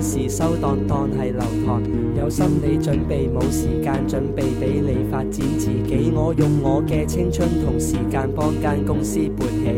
是收檔當係留堂，有心理準備，冇時間準備俾你發展自己。我用我嘅青春同時間幫間公司撥起。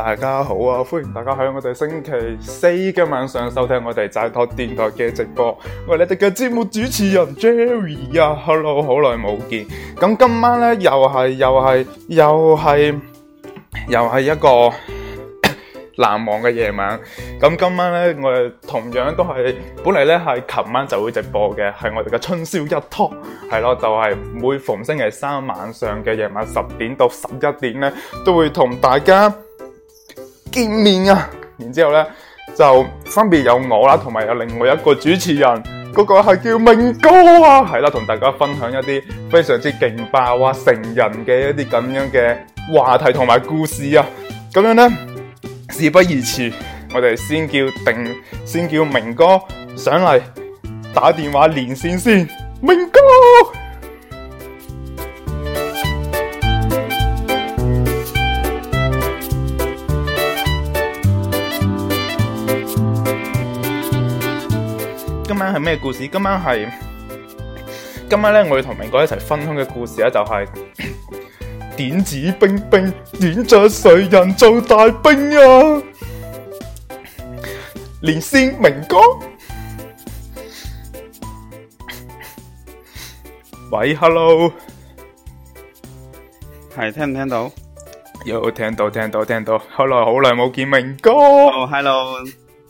大家好啊！歡迎大家喺我哋星期四嘅晚上收聽我哋齋托電台嘅直播。我係你哋嘅節目主持人 Jerry 啊，Hello，好耐冇見。咁今晚咧又係又係又係又係一個 難忘嘅夜晚。咁今晚咧我哋同樣都係本嚟咧係琴晚就會直播嘅，係我哋嘅春宵一托，係咯，就係每逢星期三晚上嘅夜晚十點到十一點咧，都會同大家。見面啊，然之後呢就分別有我啦，同埋有另外一個主持人，嗰個係叫明哥啊，係啦，同大家分享一啲非常之勁爆啊、成人嘅一啲咁樣嘅話題同埋故事啊。咁樣呢，事不宜遲，我哋先叫定先叫明哥上嚟打電話連線先，明哥。今晚係咩故事？今晚係今晚咧，我要同明哥一齊分享嘅故事咧，就係點指兵兵點着誰人做大兵啊！連線明哥，喂，hello，係聽唔聽到？有聽到，聽到，聽到。好耐，好耐冇見明哥。Hello，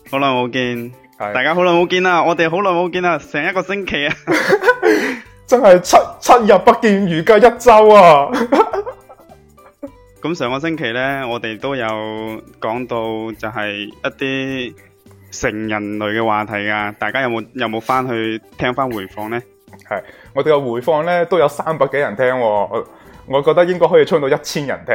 好耐冇見。大家好耐冇見啦，我哋好耐冇見啦，成一個星期啊 真係，真係七七日不見如隔一周啊 ！咁上個星期呢，我哋都有講到就係一啲成人類嘅話題啊，大家有冇有冇翻去聽返回放呢？我哋嘅回放呢，都有三百幾人聽，哦，喎。我覺得應該可以沖到一千人聽。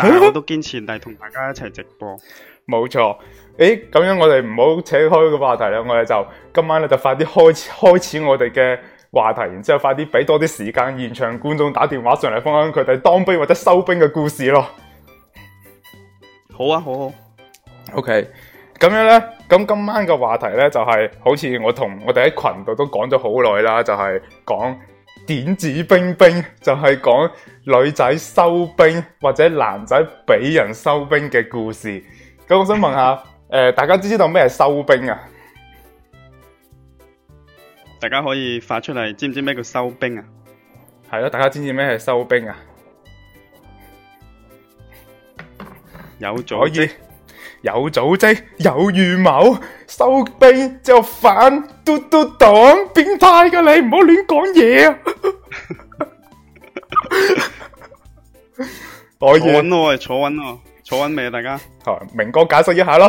我都堅持，但係同大家一齊直播，冇錯。誒、咁樣我哋唔好扯開個話題啦，我哋就今晚咧就快啲開開始我哋嘅話題，然之後快啲俾多啲時間現場觀眾打電話上嚟分享佢哋當兵或者收兵嘅故事咯。好啊，好，好。OK，咁樣呢，咁今晚嘅話題呢，就係，就係，好似我同我哋喺群度都講咗好耐啦，就係講。點指兵兵就係、是、講女仔收兵或者男仔俾人收兵嘅故事。咁我想問下， 大家知唔知道咩係收兵啊？大家可以發出嚟，知唔知咩叫收兵啊？係咯，大家知唔知咩係收兵啊？有咗？有組織，有預謀，收兵就反，嘟嘟黨，變態噶你，唔好亂講嘢啊！坐穩咯，坐穩咯，坐穩未啊？大家，明哥解釋一下咯。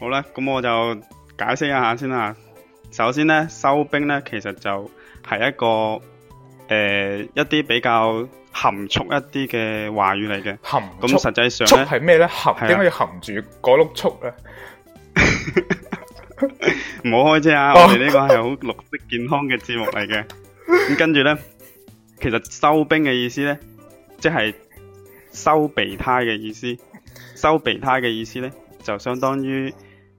好啦，咁我就解釋一下先啦。首先咧，收兵咧，其實就係一個誒一啲比較。含蓄一啲嘅話語嚟嘅，咁實際上咧係咩咧？含點解要含住嗰碌蓄咧？唔好開車啊！我哋呢個係好綠色健康嘅節目嚟嘅。咁跟住咧，其實收兵嘅意思咧，即係收備胎嘅意思。收備胎嘅意思咧，就相當於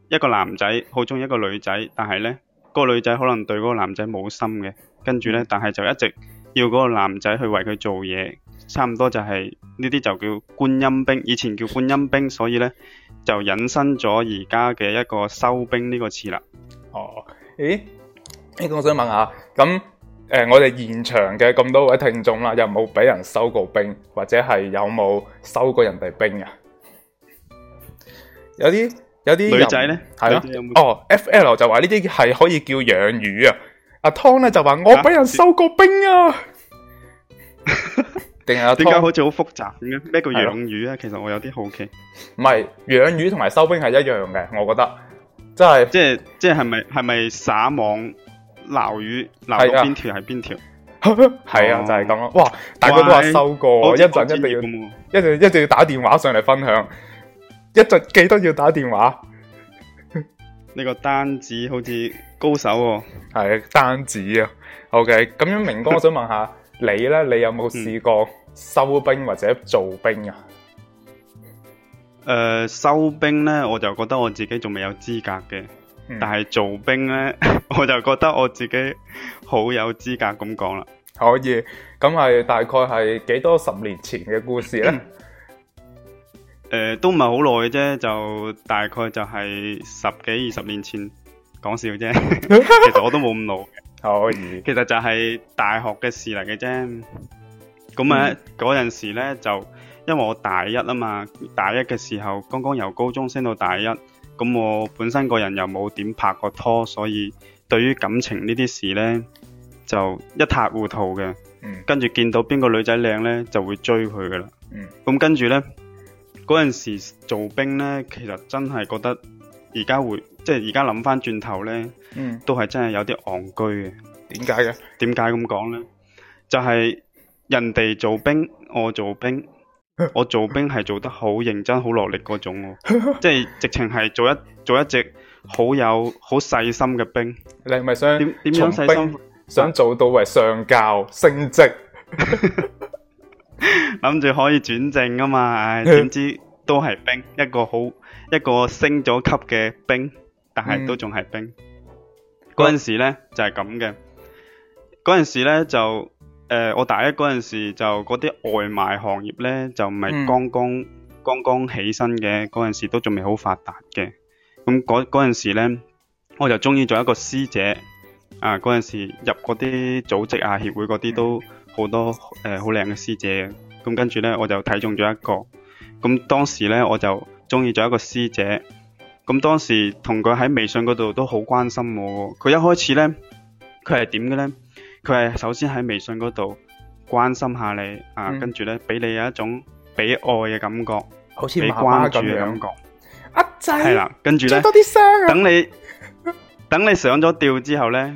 一個男仔好中意一個女仔，但係咧，個女仔可能對嗰個男仔冇心嘅。跟住咧，但係就一直。要嗰個男仔去為佢做嘢，差唔多就係呢啲就叫觀音兵，以前叫觀音兵，所以呢就引申咗而家嘅一個收兵呢個詞啦。哦，誒，呢個我想問下，咁誒，我哋現場嘅咁多位聽眾啦，有冇俾人收過兵，或者係有冇收過人哋兵啊？有啲有啲女仔呢，係咯，哦，FL 就話呢啲係可以叫養魚啊。阿湯咧就話我俾人收過兵啊，定係點、啊、解 好似好複雜咁嘅？咩叫養魚啊？其實我有啲好奇。唔係養魚同埋收兵係一樣嘅，我覺得。即係即係即係，係咪係咪撒網撈魚？撈到邊條係邊條？係啊、哦、啊，就係咁咯。哇！大家都話收過，一陣一定要，啊、一定一定要打電話上嚟分享。一陣記得要打電話。呢、這個單子好似高手喎，哦，係單子啊，OK。咁樣明哥，我想問下 你呢，你有冇試過收兵或者做兵啊？誒，嗯呃，收兵呢，我就覺得我自己仲未有資格嘅，嗯，但係做兵呢，我就覺得我自己好有資格咁講啦。可以，咁係大概係幾多十年前嘅故事呢？嗯誒，都唔係好耐嘅啫，就大概就係十幾二十年前講笑啫。其實我都冇咁老嘅，好。其實就係大學嘅事嚟嘅啫。咁啊，嗰陣時呢就因為我大一啊嘛，大一嘅時候剛剛由高中升到大一，咁我本身個人又冇點拍過拖，所以對於感情呢啲事呢就一塌糊塗嘅。嗯，跟住見到邊個女仔靚呢，就會追佢噶啦。嗯，咁跟住呢。嗰陣時做兵呢，其實真係覺得而家會，即係而家諗返轉頭呢，嗯、都係真係有啲戇居嘅。點解嘅？點解咁講呢？就係、是、人哋做兵，我做兵， 我做兵係做得好認真、好落力嗰種喎。 即係直情係做一做一隻好有好細心嘅兵。你係咪想點點樣細心？想做到為上教升職？ 諗 住可以轉正啊嘛，唉、哎，點 知，知都係兵，一個好一個升咗級嘅兵，但係都仲係兵。嗰、嗯、陣時咧、嗯、就係咁嘅。嗰陣時咧就誒、呃，我大一嗰陣時就嗰啲外賣行業呢，就唔係剛剛剛剛起身嘅，嗰陣時都仲未好發達嘅。咁嗰嗰陣時咧，我就中意做一個師姐啊，嗰陣時入嗰啲組織啊、協會嗰啲都。嗯好多誒，好靚嘅師姐，咁跟住咧，我就睇中咗一個，咁當時咧，我就中意咗一個師姐，咁當時同佢喺微信嗰度都好關心我，佢一開始咧，佢係點嘅咧？佢係首先喺微信嗰度關心下你啊，跟住咧俾你有一種俾愛嘅感覺，好似媽媽咁樣關注嘅感覺。阿仔，係啦，跟住咧，等你等你上咗釣之後咧。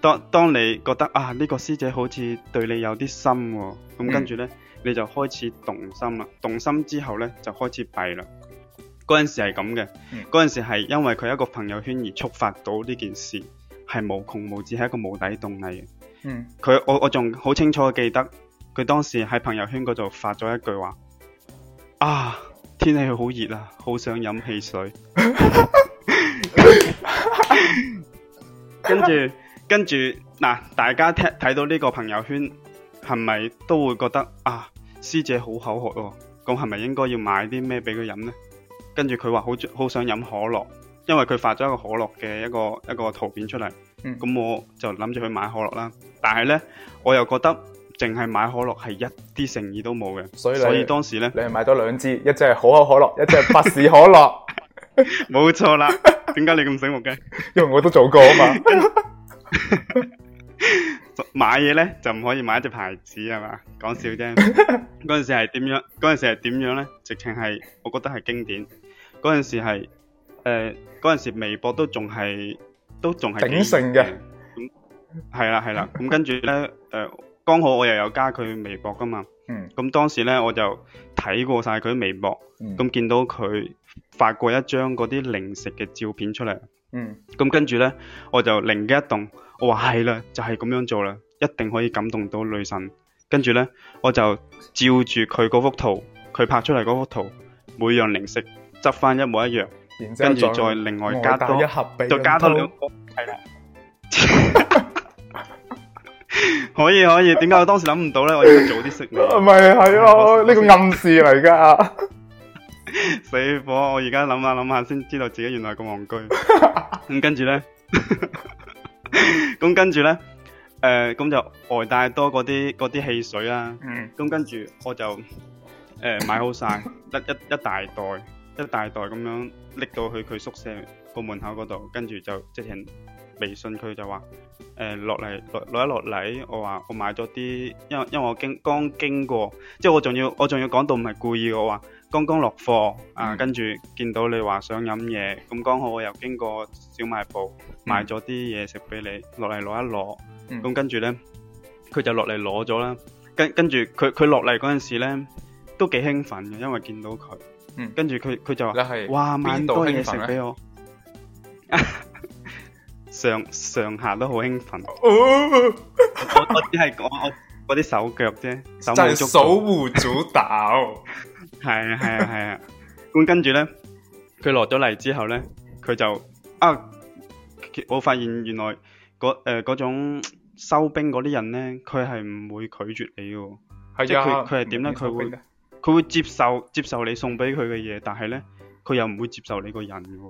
當當你覺得啊呢、這個師姐好似對你有啲心、哦，咁跟住呢、嗯，你就開始動心啦。動心之後呢，就開始弊啦。嗰陣時係咁嘅，嗰、嗯、陣時係因為佢一個朋友圈而觸發到呢件事，係無窮無止，係一個冇底動力嘅。嗯，佢我我仲好清楚地記得，佢當時喺朋友圈嗰度發咗一句話：，啊，天氣好熱啊，好想飲汽水。 跟住。跟住嗱，大家睇睇到呢個朋友圈，係咪都會覺得啊，師姐好口渴哦？咁係咪應該要買啲咩俾佢飲呢？跟住佢話好好想飲可樂，因為佢發咗一個可樂嘅一個一個圖片出嚟。咁、嗯、我就諗住去買可樂啦。但係呢，我又覺得淨係買可樂係一啲誠意都冇嘅。所以當時呢，你係買咗兩支，一隻係可口可樂，一隻係百事可樂，冇 錯啦。點解你咁醒目嘅？ 因為我都做過啊嘛。 買嘢咧就唔可以買一隻牌子係嘛，講笑啫。嗰 陣時係點樣？嗰陣時係點樣咧？直情係我覺得係經典。嗰陣時係誒，嗰、呃、陣時微博都仲係都仲係鼎盛嘅。咁係啦係啦。咁跟住咧誒，剛、呃、好我又有加佢微博噶嘛。嗯。咁當時咧，我就睇過晒佢微博，咁、嗯、見到佢發過一張嗰啲零食嘅照片出嚟。嗯，咁跟住咧，我就靈機一動，我話係啦，就係咁樣做啦，一定可以感動到女神。跟住咧，我就照住佢嗰幅圖，佢拍出嚟嗰幅圖，每樣零食執翻一模一樣，跟住再另外加多，再加多兩個，係啦，可以可以，點解我當時諗唔到咧？我要早啲識，唔係係咯，呢個暗示嚟噶。 死火！我而家諗下諗下先知道自己原來咁個戇居。咁 跟住着咧呢，咁 跟住咧，誒、呃，咁就外、呃、帶多嗰啲啲汽水啊。咁、嗯、跟住我就誒、呃、買好晒， 一一一大袋一大袋咁樣拎到去佢宿舍個門口嗰度，跟住就直情微信佢就話誒，落嚟、落攞、一落嚟，我話我買咗啲，因為因為我經剛經過，即係我仲要我仲要講到唔係故意嘅話。我剛剛落課啊，跟住見到你話想飲嘢，咁剛好我又經過小賣部，買咗啲嘢食俾你落嚟攞一攞，咁跟住咧，佢就落嚟攞咗啦。跟跟住佢佢落嚟嗰陣時咧，都幾興奮嘅，因為見到佢。嗯，跟住佢佢就話：哇，買咁多嘢食俾我，上上下都好興奮。我我只係講我我啲手腳啫，手舞足舞足蹈。係啊係啊係啊，咁跟住咧，佢落咗嚟之後咧，佢就啊，我發現原來嗰誒嗰種收兵嗰啲人咧，佢係唔會拒絕你嘅，即係佢佢係點咧？佢會佢會接受接受你送俾佢嘅嘢，但係咧，佢又唔會接受你個人嘅，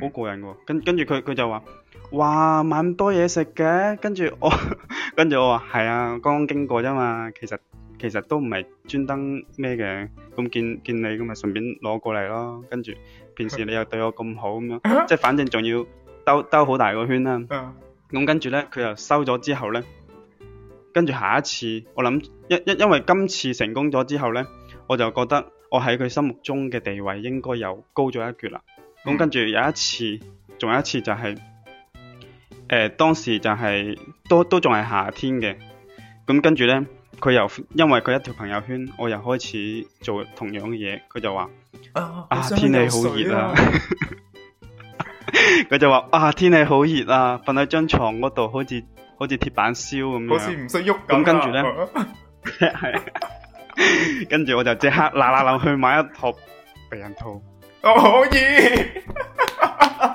好過癮嘅。跟跟住佢佢就話：哇，買咁多嘢食嘅，跟住我跟住我話：係啊，剛剛經過啫嘛，其實。其實都唔係專登咩嘅，咁見見你咁咪順便攞過嚟咯。跟住平時你又對我咁好咁樣，即係反正仲要兜兜好大個圈啦。咁跟住咧，佢又收咗之後咧，跟住下一次，我諗因因因為今次成功咗之後咧，我就覺得我喺佢心目中嘅地位應該又高咗一橛啦。咁跟住有一次，仲有一次就係誒，當時就係都都仲係夏天嘅，咁跟住咧。佢又因為佢一條朋友圈，我又開始做同樣嘅嘢。佢就話：啊天氣好熱啊！佢、啊啊、 就話：啊天氣好熱啊！瞓喺張床嗰度，好似好似鐵板燒咁樣，好似唔識喐咁。咁跟住呢，啊、 跟住我就即刻嗱嗱淋去買一套避孕套。可以。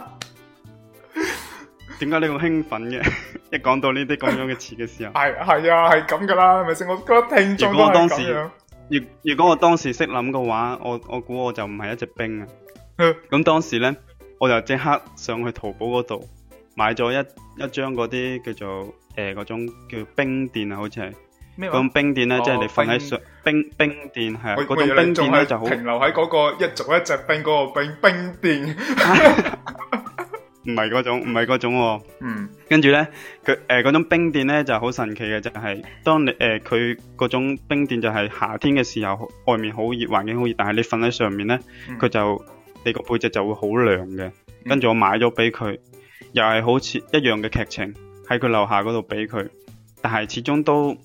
點解你咁興奮嘅？ 一講到呢啲咁樣嘅詞嘅時候，係係啊，係咁㗎啦，係咪先？我覺得聽眾都係咁樣。如如果我當時識諗嘅話，我我估我就唔係一隻兵。啊。咁當時咧，我就即刻上去淘寶嗰度買咗一一張嗰啲叫做誒、欸、嗰種叫冰墊啊，好似係咩嗰種冰墊咧、哦，即係你瞓喺上冰冰墊係啊，嗰種冰墊咧就好停留喺嗰、嗰個一足一隻兵嗰個冰冰墊。冰唔係嗰種，唔係嗰種喎、哦。嗯。跟住咧，佢誒、呃、種冰墊咧就好神奇嘅，就係、是、當你誒佢嗰種冰墊就係夏天嘅時候，外面好熱，環境好熱，但係你瞓喺上面咧，佢、嗯、就你個背脊就會好涼嘅。跟住我買咗俾佢，又係好似一樣嘅劇情，喺佢樓下嗰度俾佢，但係始終都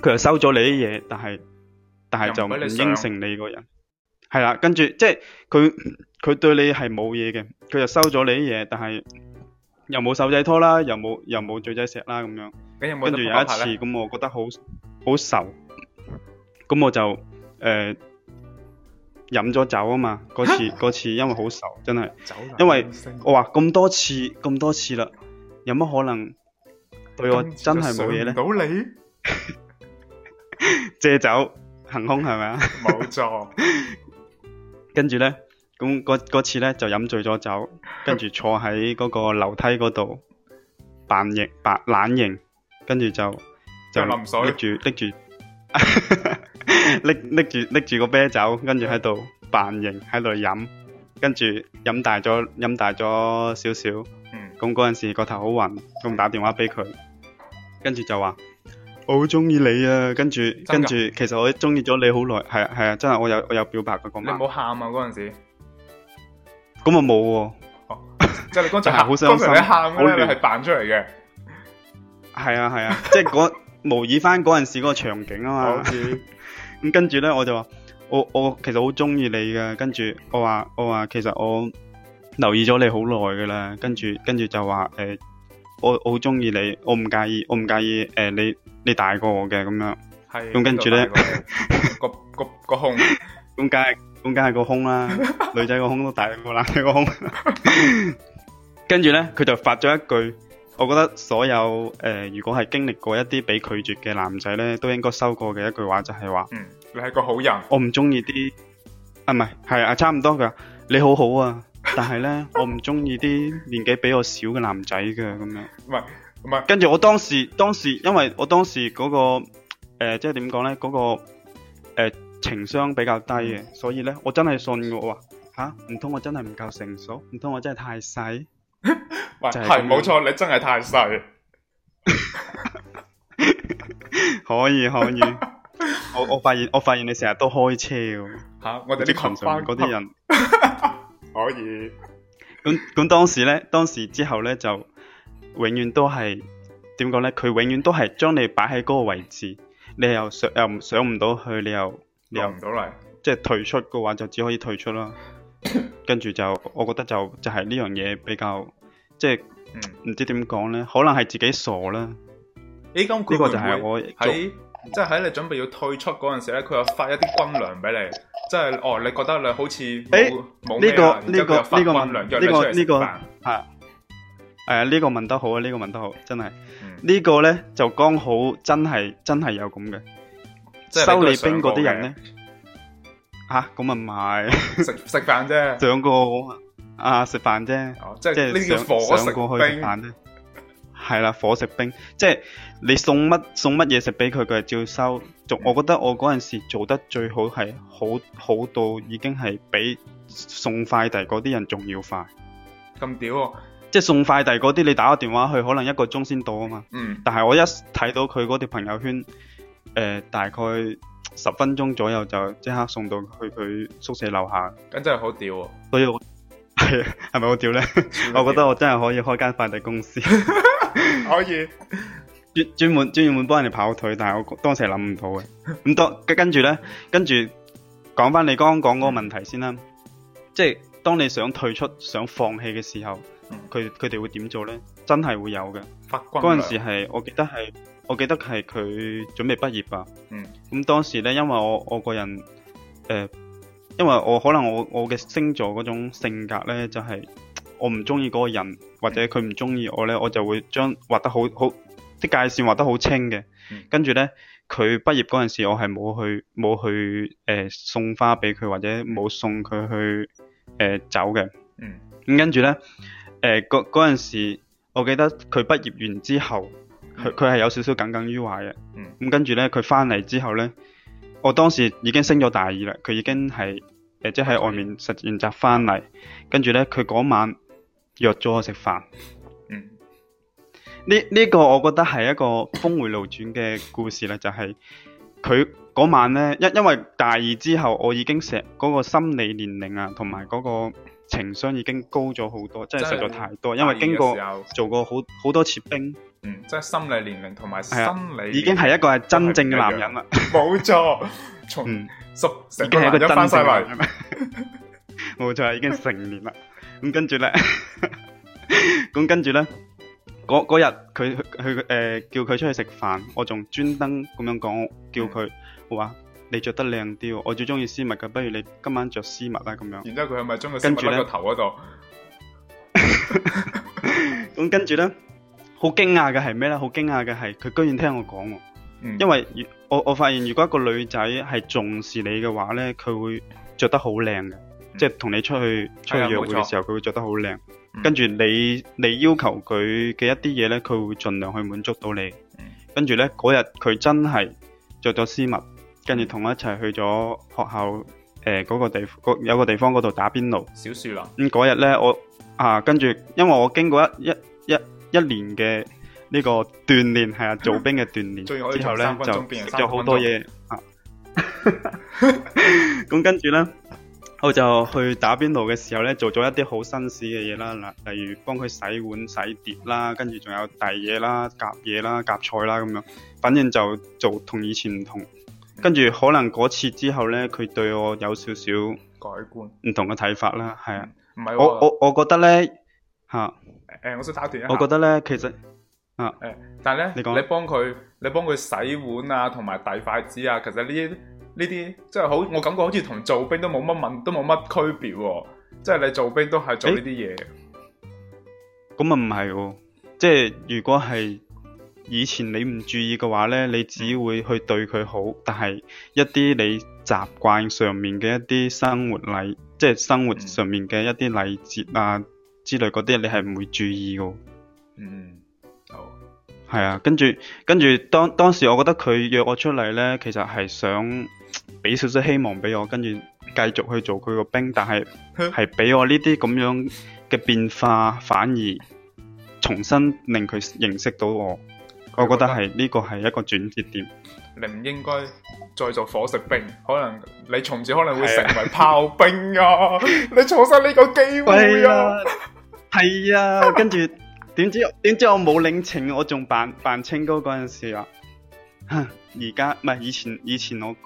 佢又收咗你啲嘢，但係但係就唔應承你個人。係啦，跟住即係佢佢，對你係冇嘢嘅，佢就收咗你啲嘢，但係又冇手仔拖啦，又冇又冇嘴仔錫啦咁樣。跟住有一次，咁我覺得好好愁，咁我就誒飲咗酒啊嘛。嗰次嗰次因為好愁，真係，因為我話咁多次咁多次啦，有乜可能對我真係冇嘢咧？借酒行凶係咪啊？冇錯。跟住咧，咁嗰次咧就飲醉咗酒，跟住坐喺嗰個樓梯嗰度扮型扮懶型，跟住就就拎住拎住拎拎住拎住個啤酒，跟住喺度扮型喺度飲，跟住飲大咗飲大咗少少。嗯，咁嗰陣時個頭好暈，咁打電話俾佢，跟住就話。我好中意你啊！跟住跟住，其實我中意咗你好耐。係啊係啊，真係我有我有表白嘅、啊、講。你冇喊啊嗰陣時？咁啊冇喎，即係你剛才係好想喊，通常你喊咧係扮出嚟嘅。係啊係啊，哦就是、啊啊啊 即係嗰模擬翻嗰陣時嗰個場景啊嘛。咁 跟住咧，我就話我我其實好中意你嘅，跟住我話我話其實我留意咗你好耐噶啦，跟住跟住就話誒。欸我好中意你，我唔介意，我唔介意。誒、呃，你你大過我嘅咁樣，係，咁跟住咧、那個， 個個個胸，咁梗係，咁梗係個胸啦。 女仔個胸都大過男仔個胸。 跟住咧，佢就發咗一句，我覺得所有誒、呃，如果係經歷過一啲被拒絕嘅男仔咧，都應該收過嘅一句話，就係、是、話、嗯，你係個好人。我唔中意啲，啊唔係，係啊，差唔多㗎。你好好啊。 但係咧，我唔中意啲年紀比我少嘅男仔嘅咁樣。唔係，唔係。跟住我當時，當時因為我當時嗰、嗰個誒，即係點講咧？嗰、就是嗰個誒、呃，情商比較低嘅， 所以咧，我真係信我話吓，唔、啊、通我真係唔夠成熟？唔通我真係太細？係冇錯，你真係太細 可以可以， 我我發現我發現你成日都開車喎。吓，我哋啲群嗰啲人。 可以。咁咁當時咧，當時之後咧，就永遠都係點講咧？佢永遠都係將你擺喺嗰個位置，你又上又上唔到去，你又你又唔到嚟，即係退出嘅話就只可以退出啦。 跟住就，我覺得就就係呢樣嘢比較即係唔、嗯、知點講咧，可能係自己傻啦。呢、欸呢個就係我即係喺你準備要退出嗰陣時咧，佢又發一啲軍糧俾你，即係哦，你覺得你好似冇冇咩啦，然之後佢又發軍糧叫你出嚟食飯，吓，誒呢個問得好啊，呢、這個問得好，真係、嗯這個、呢個咧就剛好真係真係有咁嘅，收你兵嗰啲人咧，吓咁咪唔係食食飯啫，上過啊食飯啫，即係呢上、啊啊 啊哦就是就是、叫伙食兵啫。係啦，伙食兵，即係你送乜送乜嘢食俾佢，佢係照收、嗯。我覺得我嗰陣時做得最好係好好到已經係比送快遞嗰啲人仲要快。咁屌喎、哦！即係送快遞嗰啲，你打個電話去，可能一個鐘先到啊嘛。嗯。但係我一睇到佢嗰條朋友圈，誒、呃，大概十分鐘左右就即刻送到去佢宿舍樓下。咁真係好屌喎、哦！所以我，係啊，係咪好屌呢？屌 我覺得我真係可以開間快遞公司。 可以專專門專門幫人哋跑腿，但係我當時諗唔到嘅。咁當跟住呢，跟住講翻你剛剛講嗰個問題先啦、嗯，即係當你想退出、想放棄嘅時候，佢佢哋會點做呢？真係會有嘅。嗰、嗯、陣時係我記得係我記得係佢準備畢業啊。咁、嗯、當時呢，因為我我個人誒、呃，因為我可能我我嘅星座嗰種性格呢，就係、是。我唔中意嗰個人，或者佢唔中意我咧，我就會將畫得好好啲界線畫得好清嘅、嗯。跟住咧，佢畢業嗰陣時我，我係冇去冇去誒送花俾佢，或者冇送佢去誒、呃、走嘅。咁、嗯嗯、跟住咧，誒嗰嗰陣時，我記得佢畢業完之後，佢佢係有少少耿耿於懷嘅。咁、嗯嗯、跟住咧，佢翻嚟之後咧，我當時已經升咗大二啦，佢已經係誒即喺外面實習翻嚟，跟住咧佢嗰晚，約咗我食飯。嗯，呢呢個我覺得係一個峰回路轉嘅故事啦，就係佢嗰晚咧，因因為大二之後我已經成嗰個心理年齡啊，同埋嗰個情商已經高咗好多，真係實在太多。因為經過做過好好多次兵，嗯，即係心理年齡同埋心理已經係一個係真正嘅男人啦。冇錯，從，已經係一個真嘅男人嚟，冇錯，已經成年啦。咁跟住咧，咁跟住咧，嗰嗰日佢去誒叫佢出去食飯，我仲專登咁樣講，叫佢話你着得靚啲，我最中意絲襪噶，不如你今晚着絲襪啦咁樣。然之後佢係咪將個絲襪甩個頭嗰度？咁跟住咧，好驚訝嘅係咩咧？好驚訝嘅係佢居然聽我講，因為我我發現如果一個女仔係重視你嘅話咧，佢會着得好靚嘅。即係同你出去出去約會嘅時候，佢會着得好靚。跟住你你要求佢嘅一啲嘢咧，佢會盡量去滿足到你。跟住咧，嗰日佢真係着咗絲襪，跟住同我一齊去咗學校誒嗰個地個有個地方嗰度打邊爐。少說啦。咁嗰日咧，我啊跟住，因為我經過一一一一年嘅呢個鍛煉，係啊做兵嘅鍛煉，之後咧就食咗好多嘢。咁跟住咧。我就去打邊爐嘅時候咧，做咗一啲好紳士嘅嘢啦，嗱，例如幫佢洗碗洗碟啦，跟住仲有遞嘢啦、夾嘢啦、夾菜啦咁樣，反正就做同以前唔同。嗯、跟住可能嗰次之後咧，佢對我有少少改觀、唔同嘅睇法啦。係、嗯、啊，唔係我我我覺得咧吓，誒、啊欸，我想打斷啊，我覺得咧其實啊，誒、欸，但係咧，你講，你幫佢，你幫佢洗碗啊，同埋遞筷子啊，其實呢啲。呢啲即係好，我感覺好似同做兵都冇乜問，都冇乜區別喎。即係你做兵都係做呢啲嘢。咁啊唔係喎，即係如果係以前你唔注意嘅話呢，你只會去對佢好。但係一啲你習慣上面嘅一啲生活禮，嗯，即係生活上面嘅一啲禮節啊之類嗰啲，你係唔會注意嘅。嗯，好。係啊，跟住跟住當當時我覺得佢約我出嚟呢，其實係想。俾少少希望俾我，跟住繼續去做佢個兵，但係係俾我呢啲咁樣嘅變化，反而重新令佢認識到我，我覺得係呢、這個係一個轉折點。你唔應該再做伙食兵，可能你從此可能會成為炮兵啊！啊你錯失呢個機會啊，係啊。啊 跟住點知點知我冇領情，我仲扮扮清高嗰陣時啊，而家唔係以前以前我。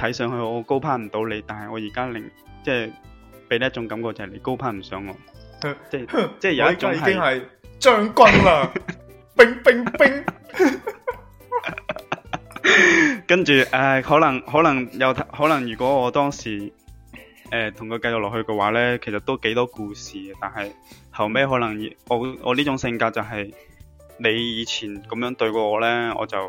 睇上去我高攀唔到你，但係我而家令即係俾你一種感覺，就係你高攀唔上我。嗯、即係、嗯、即係有一種已經係將軍啦，兵兵兵。 跟住誒、呃，可能可能又可能，如果我當時誒同佢繼續落去嘅話咧，其實都幾多故事嘅。但係後尾，可能我我呢種性格就係，你以前咁樣對過我咧，我就。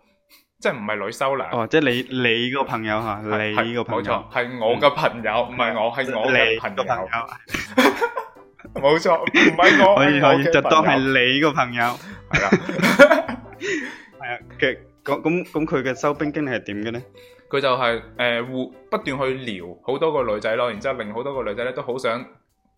即係唔係女收啦？哦，即係你你個朋友吓，你個朋友冇錯，係我嘅朋友，唔係我，係我嘅朋友，冇錯，唔係我，可以可以就當係你個朋友係啦，係啊，其咁咁咁佢嘅收兵經歷係點嘅咧？佢就係誒，不斷去撩好多個女仔咯，然之後令好多個女仔咧都好想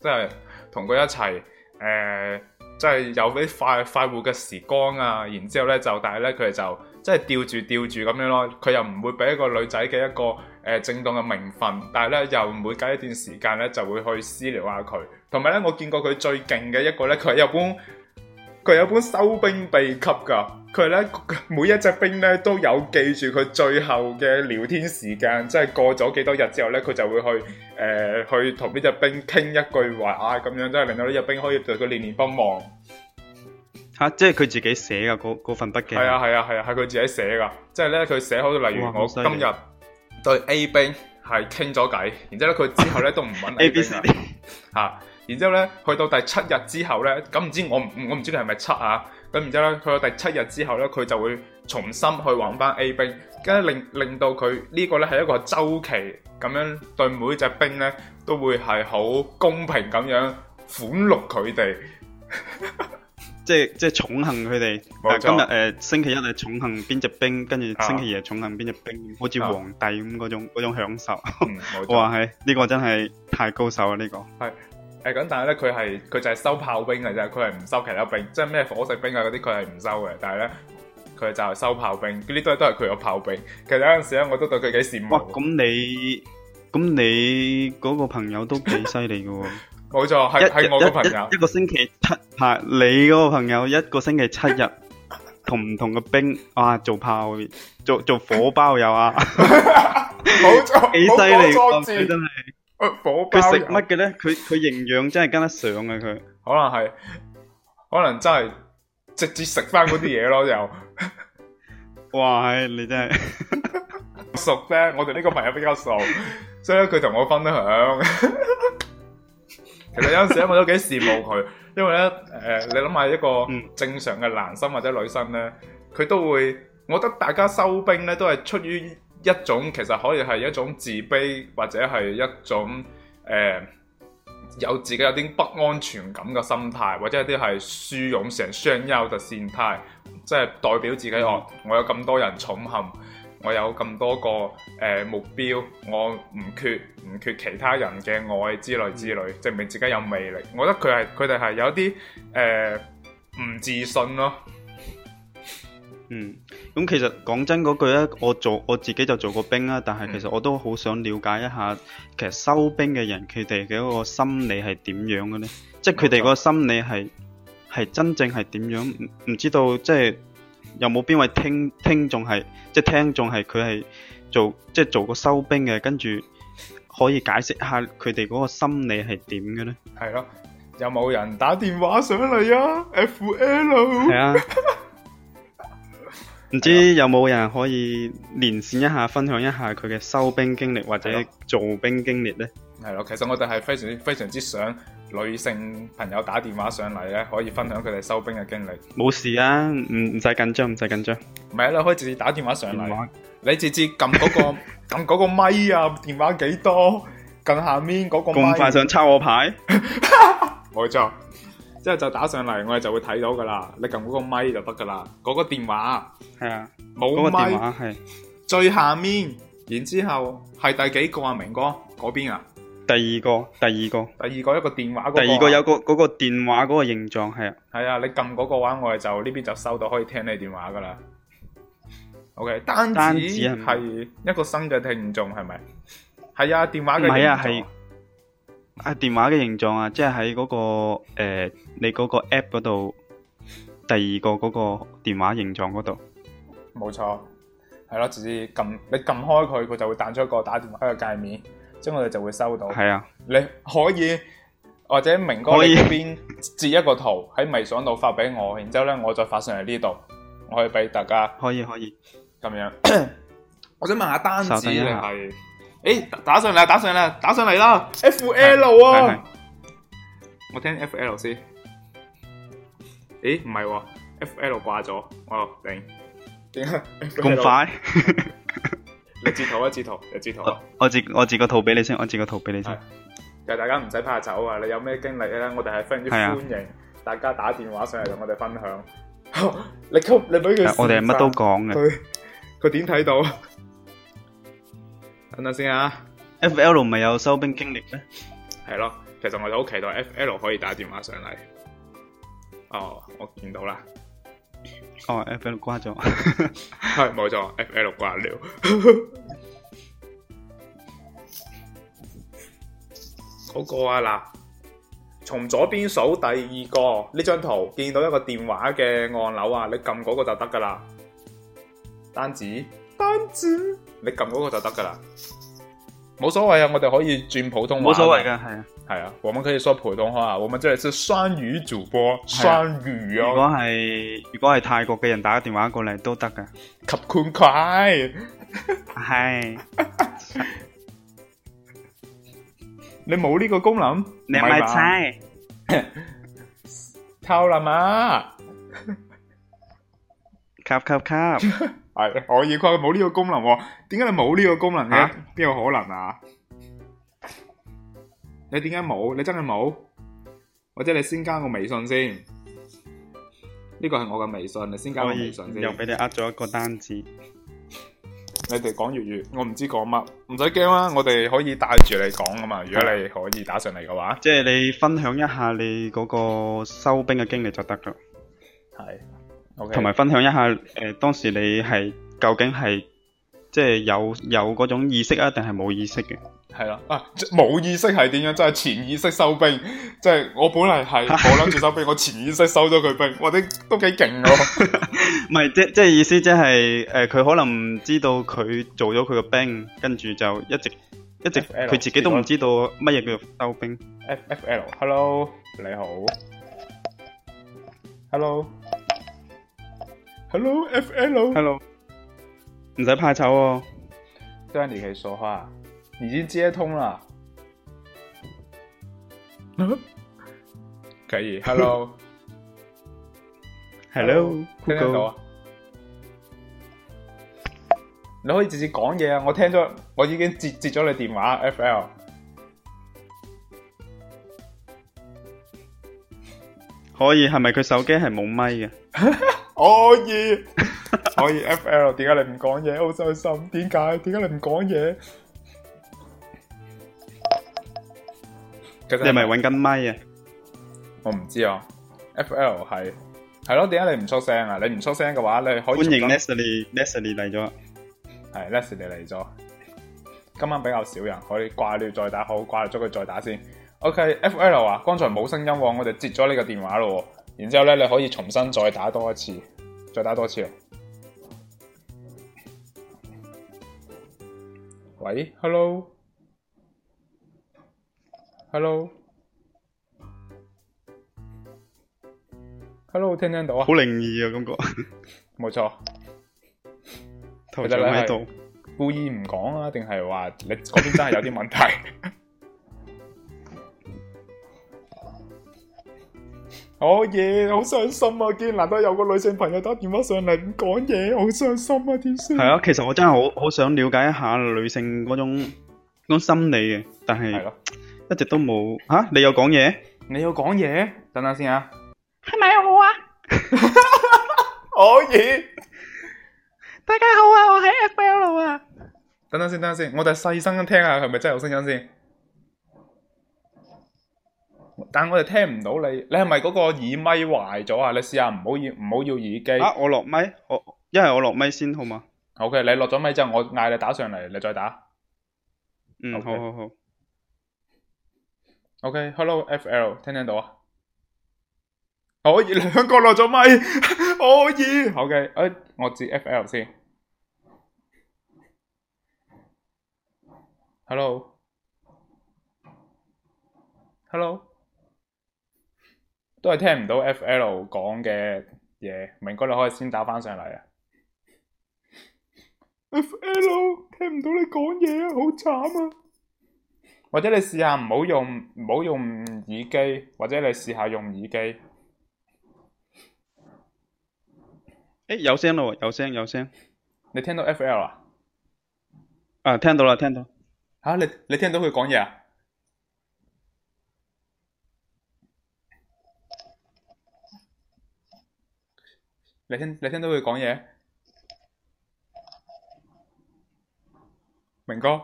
即係同佢一齊，誒，即係有啲快快活嘅時光啊，然之後咧就，但係咧佢哋就。即、係吊住吊住咁樣咯，佢又唔會俾一個女仔嘅一個誒正當嘅名分，但係咧又唔會隔一段時間咧就會去私聊下佢。同埋咧，我見過佢最勁嘅一個咧，佢有本佢有本收兵秘笈噶，佢咧每一隻兵咧都有記住佢最後嘅聊天時間，即、係過咗幾多日之後咧，佢就會去誒去同呢隻兵傾一句話啊，咁樣真係令到呢隻兵可以對佢念念不忘。吓、啊，即係佢自己寫噶嗰份筆記。係啊係啊係啊，係佢、啊、自己寫噶。即係咧，佢寫好例如我今日對 A 兵係傾咗偈，然之後咧佢之後咧都唔揾 A 兵。吓、 啊，然之後咧去到第七日之後咧，咁唔知我我唔知你係咪七啊？咁然之後咧，去到第七日之後咧，佢、啊、就會重新去揾翻 A 兵，跟住令令到佢呢個咧係一個周期咁樣對每隻兵咧都會係好公平咁樣款錄佢哋。 即係即係寵幸佢哋，今日誒，星期一係寵幸邊隻兵，跟住星期二係寵幸邊隻兵，好似皇帝咁嗰種嗰種享受。冇錯，係呢個真係太高手啦！呢個係誒咁，但係咧佢係佢就係收炮兵嘅啫，佢係唔收其他兵，即係咩火石兵啊嗰啲佢係唔收嘅。但係咧佢就係收炮兵，呢啲都都係佢個炮兵。其實有陣時咧，我都對佢幾羨慕。哇！咁你咁你嗰個朋友都幾犀利嘅喎。冇錯，係係我個朋友，一個星期七，係你嗰個朋友一個星期七日，同唔同嘅兵，哇，做炮，做做火包有啊，冇錯，幾犀利，佢真係，佢食乜嘅咧？佢佢營養真係跟得上啊！佢可能係，可能真係直接食翻嗰啲嘢咯又，哇！你真係熟咧，我哋呢個朋友比較熟，所以佢同我分享。 其實有陣時我都幾羨慕佢，因為咧，誒、呃，你諗下一個正常嘅男生或者女生呢，佢都會，我覺得大家收兵呢，都係出於一種其實可以係一種自卑，或者係一種誒、呃，有自己有啲不安全感嘅心態，或者是一啲係輸蛹成雙休嘅心態，即 係代表自己我我有咁多人寵幸。我有咁多個誒目標，我唔缺唔缺其他人嘅愛之類之類，證明自己有魅力？我覺得佢係佢哋係有啲誒唔自信咯。嗯，咁其實講真嗰句咧，我做我自己就做過兵啦，但係其實我都好想了解一下，其實收兵嘅人佢哋嘅一個心理係點樣嘅咧？即係佢哋個心理係係真正係點樣？唔唔知道即係。有冇邊位聽聽眾係即係聽眾係佢係做即係做過收兵嘅，跟住可以解釋下佢哋嗰個心理係點嘅呢？係咯，有冇人打電話上嚟啊？F L 係啊，唔知有冇人可以連線一下，分享一下佢嘅收兵經歷或者做兵經歷呢？係咯，其實我哋係非常之非常之想。女性朋友打電話上嚟咧，可以分享佢哋收兵嘅經歷。冇事啊，唔唔使緊張，唔使緊張。唔係啊，你可以直接打電話上嚟。你直接撳嗰個撳嗰個咪啊，電話幾多？撳下面嗰個咪。咁快想抄我牌？冇錯，之後就打上嚟，我哋就會睇到㗎喇。你撳嗰個咪就得㗎喇。嗰個電話係啊，冇嗰個電話咪係最下面，然之後係第幾個啊？明哥嗰邊啊？第二個，第二個，第二個一個電話、那個、第二個有個嗰、那個電話嗰個形狀係啊，係啊，你撳嗰個話，我哋就呢邊就收到，可以聽你電話噶啦。O、okay, K，單單只係一個新嘅聽眾係咪？係啊，電話嘅係啊係啊，電話嘅形狀啊，即係喺嗰個誒、呃、你嗰個 app 嗰度，第二個嗰個電話形狀嗰度，冇錯，係咯，直接撳你撳開佢，佢就會彈出一個打電話嘅界面。即係我哋就會收到。係啊，你可以或者明哥呢邊截一個圖喺微信度發俾我，然之後咧我再發上嚟呢度，我可以俾大家。可以可以，咁樣。我想問下單子係，誒打上嚟啦，打上嚟啦，打上嚟啦，F L 啊，我聽 F L 先。誒唔係喎，F L 掛咗，我頂，點解咁快。截圖啊！截圖，又截圖。我截我截個圖俾你先，我截個圖俾你先。就大家唔使怕醜啊！你有咩經歷咧？我哋係非常之歡迎大家打電話上嚟同我哋分享。你溝你俾佢。我哋係乜都講嘅。佢佢點睇到？等等先啊！F L 唔係有收兵經歷咩？係咯，其實我哋好期待 F L 可以打電話上嚟。哦，我見到啦。哦，F L 刮咗，係冇錯，F L 刮了。嗰 個啊，嗱，從左邊數第二個呢張圖，見到一個電話嘅按鈕啊，你撳嗰個就得噶啦。單子，單子，你撳嗰個就得噶啦。冇所謂啊，我哋可以轉普通話。冇所謂噶，係啊，係啊，我們可以說普通話啊，我們即係是雙語主播，雙語哦是。如果係如果係泰國嘅人打個電話過嚟都得噶。及快，係。 你冇呢個功能？你咪猜，透啦嘛。Cap 係可以，佢冇呢個功能，點解你冇呢個功能嘅？邊有可能啊？你點解冇？你真係冇？或者你先加個微信先？呢個係我嘅微信，你先加我微信先。又俾你呃咗一個單字。你哋講粵語，我唔知講乜，唔使驚啦。我哋可以帶住你講啊嘛。如果你可以打上嚟嘅話，即係你分享一下你嗰個收兵嘅經歷就得噶。係。同埋分享一下，誒，當時你係究竟係即係有有嗰種意識啊，定係冇意識嘅？係咯，啊，冇意識係點樣？即係潛意識收兵，即係我本嚟係我諗住收兵，我潛意識收咗佢兵，或者都幾勁咯。唔係，即即係意思，即係誒，佢可能唔知道佢做咗佢個兵，跟住就一直一直，佢自己都唔知道乜嘢叫做收兵。F F L，hello，你好，hello。Hello，F L。Hello，唔使怕醜哦，對，你可以說話，已經接通啦。可以，Hello，Hello，酷狗，你可以直接講嘢啊！我聽咗，我已經接接咗你電話，F L。可以，係咪佢手機係冇咪嘅？可以，可以。F. L. 點解你唔講嘢？我好傷心。點解？點解你唔講嘢？你係咪揾根麥啊？我唔知啊。F. L. 係係咯？點解你唔出聲啊？你唔出聲嘅話，你可以歡迎 Leslie Leslie 嚟咗。係 Leslie 嚟咗。今晚比較少人，可以掛住再打，好掛住咗佢再打先。O. K. F. L. 啊，剛才冇聲音，我哋接咗呢個電話咯。然之後咧，你可以重新再打多一次，再打多次。喂，Hello，Hello，Hello，聽唔聽到啊？好靈異啊，感覺，冇 錯，頭像喺度，故意唔講啊，定係話你嗰邊真係有啲問題？ 我嘢好傷心啊！竟然難得有個女性朋友打電話上嚟唔講嘢，好傷心啊！啲書係啊，其實我真係好好想了解一下女性嗰種嗰種心理嘅，但係一直都冇吓、啊。你有講嘢？你有講嘢？等下先啊！係咪我啊？我 嘢 可以。 大家好啊，我係 FBL 啊。等等先，等下先，我哋細聲咁聽下係咪真係有聲音先。但係我哋聽唔到你，你係咪嗰個耳咪壞咗啊？你試下唔好要唔好要耳機。啊，我落咪，我，一係我落咪先好嘛？O K，你落咗咪之後，我嗌你打上嚟，你再打。嗯，好好好。O K，Hello F L，聽唔聽到啊？可以，兩個落咗咪，可以，好嘅，誒，我接 F L 先。Hello，Hello。都係聽唔到 F.L 講嘅嘢，明哥你可以先打翻上嚟啊！F.L 聽唔到你講嘢啊，好慘啊！或者你試下唔好用唔好用耳機，或者你試下用耳機。誒、欸，有聲咯，有聲有聲，你聽到 F.L 啊？啊，聽到啦，聽到。吓、啊，你你聽到佢講嘢啊？你聽，你聽到佢講嘢，明哥，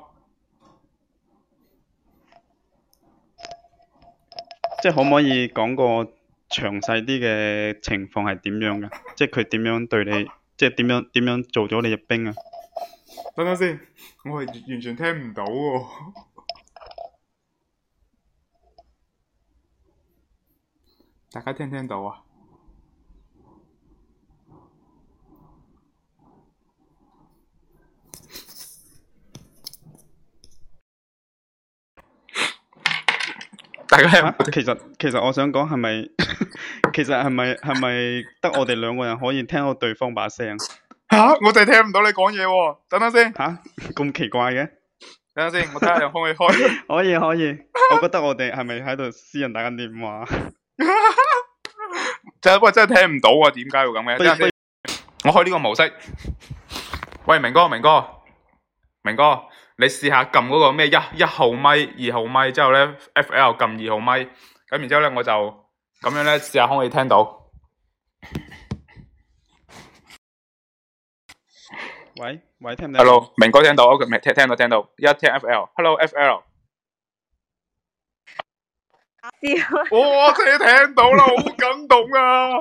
即係可唔可以講個詳細啲嘅情況係點樣噶？即係佢點樣對你，即係點樣點樣做咗你隻兵啊？等等先，我係完全聽唔到喎。大家聽唔聽到啊？其實其實我想講係咪？ 其實係咪係咪得我哋兩個人可以聽到對方把聲？吓，啊，我就係聽唔到你講嘢，啊。等下先。吓，啊，咁奇怪嘅？等下先，我睇下有冇開 可以。可以可以， 我覺得我哋係咪喺度私人打緊電話？真 喂，真係聽唔到啊！點解會咁嘅？我開呢個模式。喂，明哥，明哥，明哥。你試下撳嗰個咩一一號咪二號咪，之後咧，F L 撳二號咪，咁然之後咧我就咁樣咧試下可唔可以聽到？喂喂，聽唔聽到？Hello，明哥聽到，OK，聽聽到聽到，一聽 F L，Hello F L。屌！我真係聽到啦，好感動啊！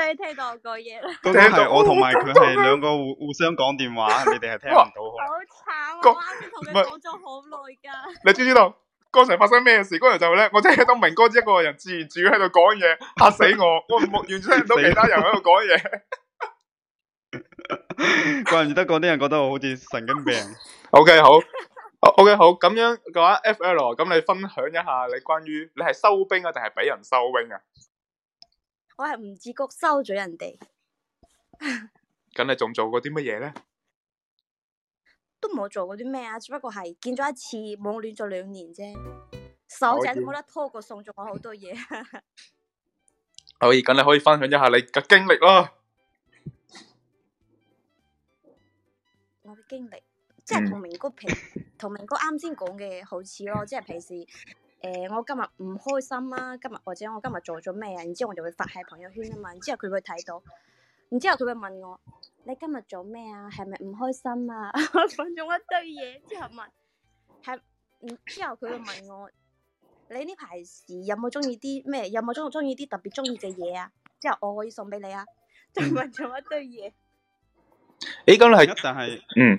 即係聽到個嘢，剛剛到？我同埋佢係兩個互互相講電話，電話 你哋係聽唔到。 好慘憐啊！ 我啱啱同你講咗好耐噶。 你知唔知道剛才發生咩事？剛才就係咧，我真係都明，哥只一個人自自喺度講嘢，吓死我！我完全聽唔到其他人喺度講嘢。 怪唔得，嗰啲人覺得我好似神經病。O K，好，O K，好，咁、okay, 樣嘅話，F L，咁你分享一下你關於你係收兵啊，定係俾人收兵啊？我係唔自覺收咗人哋，咁你仲做過啲乜嘢咧？都冇做過啲咩啊，只不過係見咗一次網戀咗兩年啫，手仔都冇得拖過，送咗我好多嘢。可以，咁你可以分享一下你嘅經歷咯。我嘅經歷即係同明哥平，同、嗯、 明哥啱先講嘅好似咯、哦，即係平時。誒、欸，我今日唔開心啊！今日或者我今日做咗咩啊？然之後我就會發喺朋友圈啊嘛，然之後佢會睇到，然之後佢會問我：你今日做咩啊？係咪唔開心啊？我訓咗一堆嘢，之後問，係，然、嗯、之後佢會問我：你呢排時有冇中意啲咩？有冇中中意啲特別中意嘅嘢啊？之後我可以送俾你啊！就訓咗一堆嘢。誒、欸，咁你係，但係，嗯，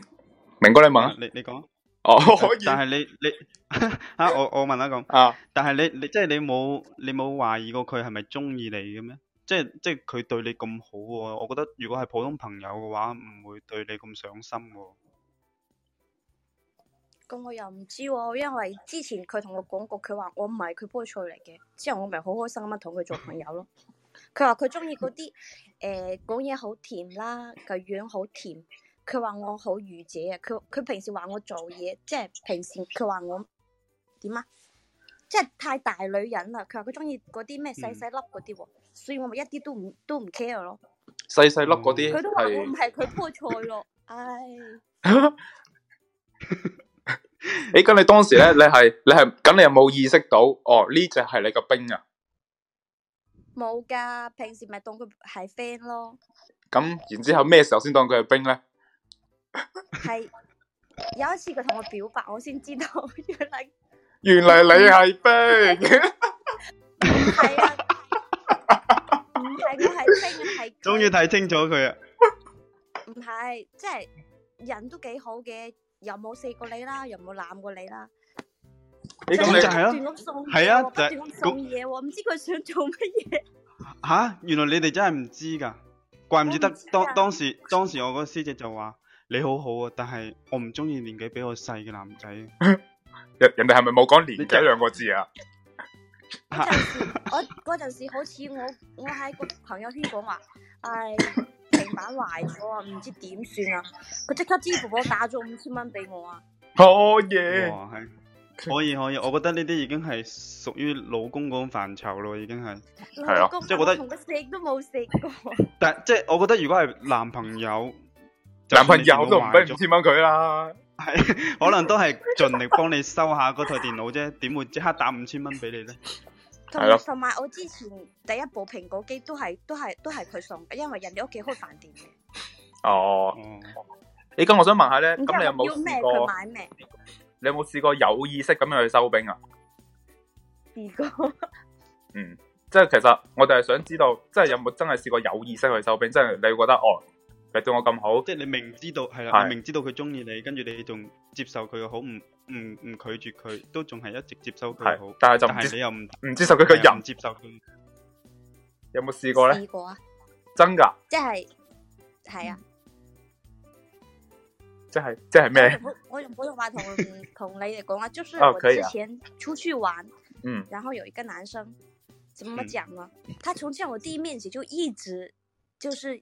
明哥你問啊，你你講。哦，可以。 但係你你吓 我我問下咁啊？但係你你即係、就是、你冇你冇懷疑過佢係咪中意你嘅咩？即係即係佢對你咁好喎、啊？我覺得如果係普通朋友嘅話，唔會對你咁上心喎、啊。咁我又唔知、哦，因為之前佢同我講過，佢話我唔係佢菠菜嚟嘅，之後我咪好開心咁同佢做朋友咯。佢、 呃、話佢中意嗰啲誒講嘢好甜啦，個樣好甜。佢話我好御姐啊！佢佢平時話我做嘢，即係平時佢話我點啊？即係太大女人啦！佢話佢中意嗰啲咩細細粒嗰啲，所以我咪一啲都唔都唔 care 咯。細細粒嗰啲，佢、嗯、都話我唔係佢菠菜咯。 唉，誒 欸，咁你當時咧，你係你係，咁你有冇意識到哦？呢隻係你個兵啊？冇噶，平時咪當佢係 friend 咯。咁然之後咩時候先當佢係兵咧？係 有一次佢同我表白，我先知道 原來 原來你係兵，係啊，唔係佢係兵，係終於睇清楚佢啊！唔係，即係人都幾好嘅，又冇四過你啦，又冇攬過你啦。你咁就係咯，係啊，不斷送嘢喎，唔知佢想做乜嘢？吓、啊，原來你哋真係唔知噶，怪唔知得當時知、啊、當時當時我個師姐就話。你好好啊，但係我唔中意年紀比我細嘅男仔。 人哋係咪冇講年紀兩個字啊？嗰 陣時，時好似我我喺個朋友圈講話，唉、哎，平板壞咗啊，唔知點算啊。佢即刻支付寶打咗五千蚊俾我啊。可以、oh、yeah.，係可以可以。我覺得呢啲已經係屬於老公嗰種範疇咯，已經係係啊，即係、就是、覺得同佢食都冇食過。但即係、就是、我覺得如果係男朋友。男朋友都唔俾五千蚊佢啦，係 可能都係盡力幫你收下嗰台電腦啫，點會即刻打五千蚊俾你咧？係咯，同埋我之前第一部蘋果機都係都係都係佢送嘅，因為人哋屋企開飯店嘅。哦，你、嗯、咁、欸、我想問下咧，咁你有冇咩？佢買咩？你有冇試過有意識咁樣去收兵啊？試、這、過、個，嗯，即係其實我哋係想知道，即係有冇真係試過有意識去收兵？ 即係你會覺得哦。佢對我咁好，即係你明知道係啦，明知道佢中意你，跟住你仲接受佢嘅好，唔唔唔拒絕佢，都仲係一直接受佢好。但係就係你又唔唔接受佢嘅人，又接受佢。有冇試過咧？試過啊！真㗎，即係係啊，即係即係咩我用普通話同同你哋講啊，就是我之前出去玩， 嗯，然後有一個男生，怎麼講呢、啊嗯？他從前我第一面起就一直就是。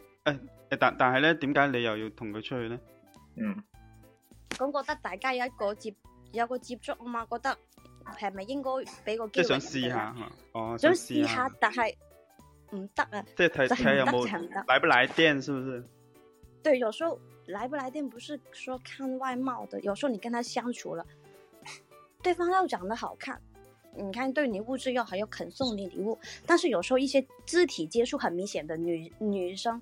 誒、欸，但但係咧，點解你又要同佢出去咧？嗯，咁覺得大家有一個接有個接觸啊嘛，我覺得係咪應該俾個機會想試？想試下，哦，想試下，下，但係唔得啊，即係睇睇有冇來不來電、嗯，是不是？對，有時候來不來電，不是說看外貌的，有時候你跟他相處了，對方又長得好看，你看對你物質又好又肯送你禮物，但是有時候一些肢體接觸很明顯嘅女女生。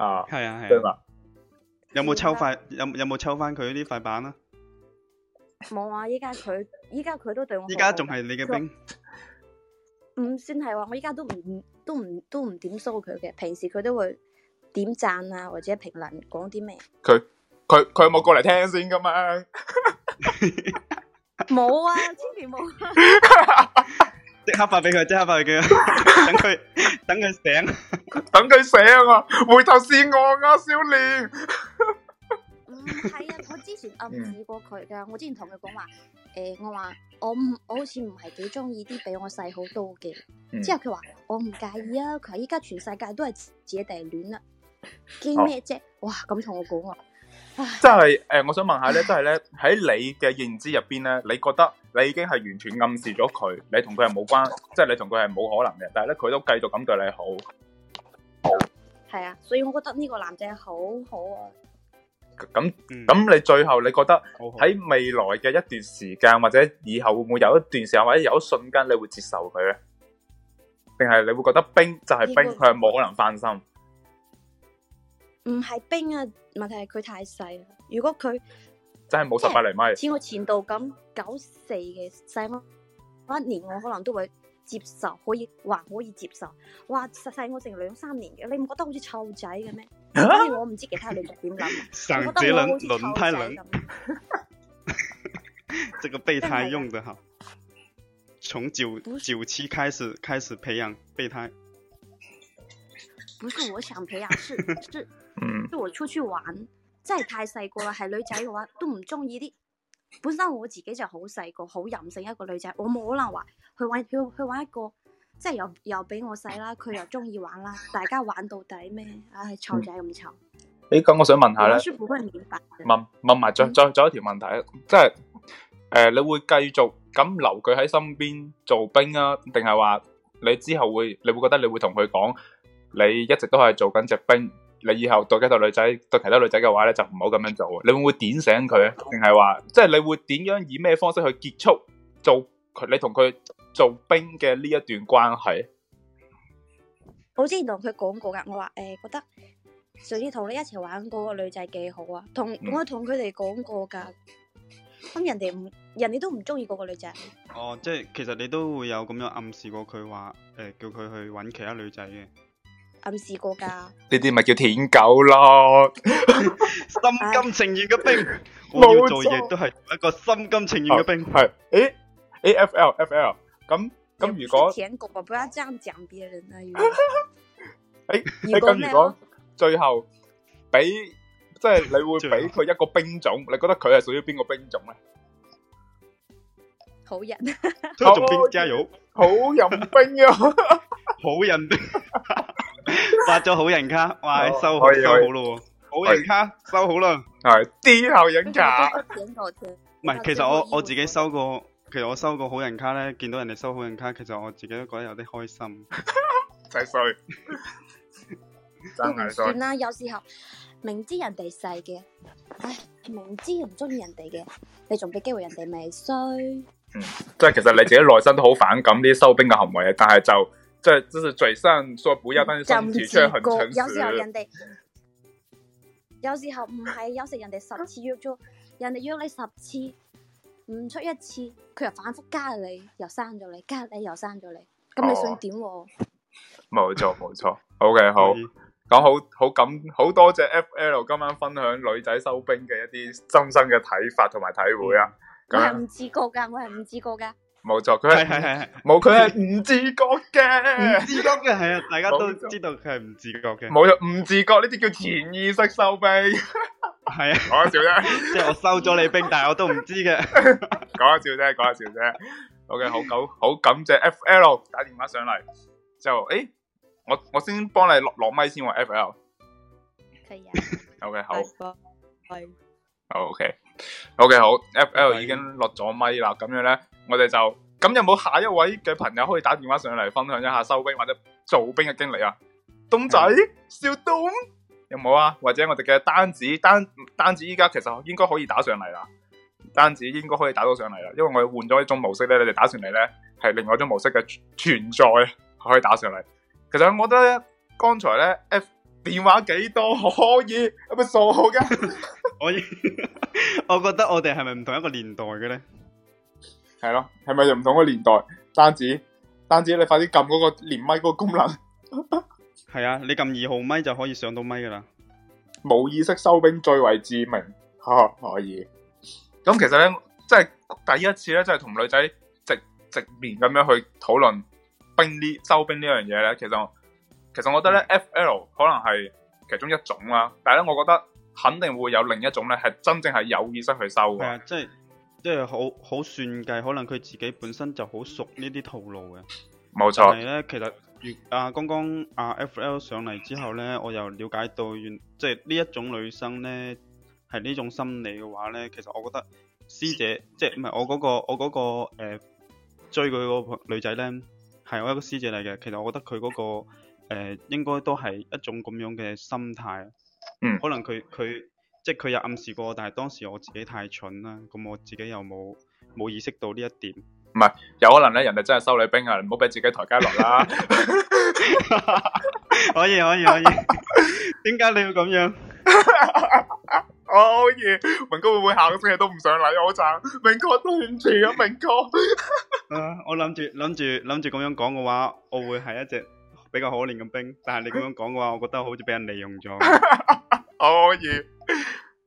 啊，係啊係，對吧，有冇抽翻有有冇抽翻佢呢塊板啊？冇啊，依家佢依家佢都對我，依家仲係你嘅兵，唔算係話我依家都唔都唔都唔點蘇佢嘅，平時佢都會點讚啊或者評論講啲咩？佢佢佢冇過嚟聽先噶嘛？冇啊，千祈冇。即刻發俾佢，即刻發俾佢，等佢 等佢醒，等佢醒啊！ 回頭是岸啊，少年。唔 係，嗯、啊，我之前暗示過佢噶，我之前同佢講話，誒、呃，我話我唔，我好似唔係幾中意啲比我細好多嘅，嗯。之後佢話我唔介意啊，佢話依家全世界都係姐弟戀啦，驚咩啫？哇，咁同我講啊！即係誒，我想問下咧，即係咧，喺你嘅認知入邊咧，你覺得你已經係完全暗示咗佢，你同佢係冇關，即係你同佢係冇可能嘅，但係咧佢都繼續咁對你好好係啊，所以我覺得呢個男仔好好啊。咁咁，你最後你覺得喺未來嘅一段時間，或者以後會唔會有一段時間，或者有一瞬間你會接受佢咧？定係你會覺得兵就係兵，佢係冇可能翻身？唔係兵啊，問題係佢太細啊。如果佢真係冇十八厘米，似、就是、我前度咁九四嘅細我，我一年我可能都會接受，可以還可以接受。哇，實細我成兩三年嘅，你唔覺得好似臭仔嘅咩？啊、所以我唔知其他女仔點諗。上截輪輪胎輪， 這個備胎用得好。從九 九七開始開始培養備胎，不是我想培養，是是。 即係我出去玩，真係太細個啦。係女仔嘅話，都唔中意啲。本身我自己就好細個，好任性一個女仔，我冇可能話去玩，去去玩一個，即係又又俾我細啦，佢又中意玩啦，大家玩到底咩？唉，湊仔咁湊。誒，咁我想問下咧，問問埋再再再一條問題，即係誒，你會繼續咁留佢喺身邊做兵啊？定係話你之後會，你會覺得你會同佢講，你一直都係做緊隻兵？你以後對其他女仔、對其他女仔嘅話咧，就唔好咁樣做。你會唔會點醒佢咧？定係話，即、就、係、是、你會點樣以咩方式去結束做，做你同佢做兵嘅呢一段關係？我之前同佢講過噶，我話誒、欸、覺得上次同你一齊玩嗰個女仔幾好啊，同、嗯、我同佢哋講過噶。咁人哋唔人哋都唔中意嗰個女仔。哦，即係其實你都會有咁樣暗示過佢話誒，叫佢去揾其他女仔嘅。暗示過噶，呢啲咪叫舔狗咯？心甘情願嘅兵，我要做嘢都係一個心甘情願嘅兵。係，誒，A F L F L，咁咁如果舔狗，不要這樣講別人啊！誒，咁如果最後俾，即係你會俾佢一個兵種，你覺得佢係屬於邊個兵種咧？好人，特種兵加油，好人兵啊，好人兵。發咗好人卡，哇！收收好啦，好人卡收好啦，係 D 好人卡。唔係，其實我我自己收過，其實我收過好人卡咧，見到人哋收好人卡，其實我自己都覺得有啲開心，仔衰，真係衰，都唔算啦。有時候明知人哋細嘅，唉，明知唔中意人哋嘅，你仲俾機會人哋，咪衰。嗯，即係其實你自己內心都好反感呢啲收兵嘅行為啊，但係就。即係即係嘴上說不要，但係身體卻很誠實 有時候人哋，有時候唔係，有時人哋十次約咗，人哋約你十次，唔出一次，佢又反覆加你，又刪咗你，加你又刪咗你，咁你，你、哦、想點、啊？冇錯，冇錯。 OK，好，講 好好感好多謝 FL 今晚分享女仔收兵嘅一啲深深嘅睇法同埋體會啊！我係唔知過㗎，我係唔知過㗎。冇錯，佢係係係係冇，佢係唔自覺嘅，唔自覺嘅係啊，大家都知道佢係唔自覺嘅。冇錯，唔自覺呢啲叫潛意識收兵。係啊，講下笑啫，即係我收咗你兵，但係我都唔知嘅。講下笑啫，講下笑啫。OK，好感好感謝 F L 打電話上嚟，之後誒，我我先幫你落落咪先，話 F L。可以。OK，好。係。OK，OK，好。F L 已經落咗咪啦，咁樣咧。我哋就咁，有冇下一位嘅朋友可以打電話上嚟，分享一下收兵或者做兵嘅經歷啊？東仔，小東有冇啊？或者我哋嘅單子單單子，依家其實應該可以打上嚟啦，單子應該可以打到上嚟啦。因為我哋換咗一種模式咧，你哋打上嚟咧係另外一種模式嘅存在，可以打上嚟。其實我覺得剛才咧，F 電話幾多可以係咪數好嘅？可以，有有 我覺得我哋係咪唔同一個年代嘅咧？係咯，係咪就唔同個年代？單子，單子，你快啲撳嗰個連麥嗰個功能。係啊，你撳二號咪，就可以上到咪噶啦。冇意識收兵最為致命。吓、啊、可以。咁其實咧，即係第一次咧，即係同女仔直直面咁樣去討論兵呢收兵呢樣嘢咧。其實，其實我覺得咧、嗯、，F L 可能係其中一種啦、啊。但係咧，我覺得肯定會有另一種咧，係真正係有意識去收。係即係。就是即係好好算計，可能佢自己本身就好熟呢啲套路嘅。冇錯。係咧，其實如啊，剛剛啊，F L 上嚟之後咧，我又了解到原，原即係呢一種女生咧，係呢種心理嘅話咧，其實我覺得師姐，即係唔係我嗰、那個，我、那個誒、呃、追佢嗰個女仔咧，係我一個師姐嚟嘅。其實我覺得佢嗰、那個誒、呃，應該都係一種咁樣嘅心態。嗯。可能佢佢。即係佢有暗示過，但係當時我自己太蠢啦，咁我自己又冇冇意識到呢一點。唔係，有可能咧，人哋真係收你兵啊，唔好俾自己台階落啦。 可以，可以，可以。點 解你要咁樣？可 以、oh, yeah.，明哥會唔會下個星期都唔想嚟？我讚明哥對唔住啊，明哥。 uh, 我諗住諗住諗住咁樣講嘅話，我會係一隻比較可憐嘅兵。但係你咁樣講嘅話，我覺得好似俾人利用咗。我可以。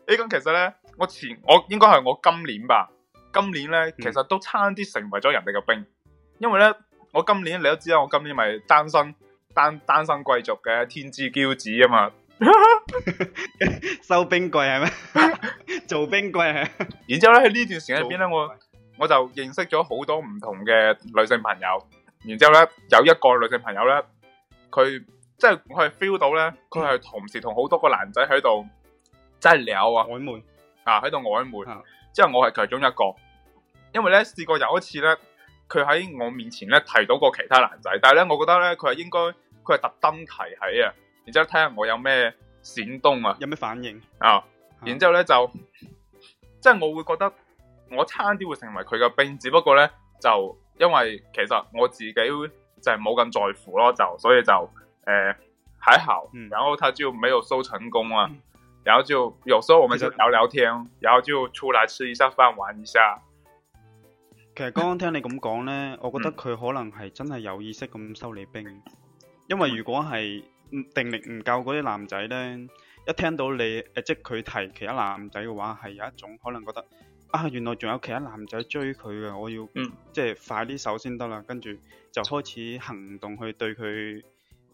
A 咁其實咧，我前我應該係我今年吧，今年咧其實都差啲成為咗人哋嘅兵，因為咧我今年你都知啦，我今年咪單身單單身貴族嘅天之驕子啊嘛，收兵貴係咩？ 做兵貴係。然之後咧喺呢段時間入邊咧，我我就認識咗好多唔同嘅女性朋友。然之後咧有一個女性朋友咧，佢即係我係 feel 到咧，佢係同時同好多個男仔喺度。真係撩啊！曖昧啊，喺度曖昧。之、啊、後我係其中一個，因為咧試過有一次咧，佢喺我面前咧提到過其他男仔，但係咧我覺得咧佢係應該佢係特登提起啊，然之後睇下我有咩閃動啊。有咩反應啊？然之後咧就、啊、 即係我會覺得我差啲會成為佢嘅兵，只不過咧就因為其實我自己就係冇咁在乎咯，就所以就誒還好。然後他就沒有收成功啊。嗯然後就有時候我們就聊聊天，然後就出來吃一下飯，玩一下。其實剛剛聽你咁講呢、嗯，我覺得佢可能係真係有意識咁收你兵、嗯，因為如果係定力唔夠嗰啲男仔呢，一聽到你，即係佢提其他男仔嘅話，係有一種可能覺得啊，原來仲有其他男仔追佢嘅，我要即係、嗯即係、快啲手先得啦，跟住就開始行動去對佢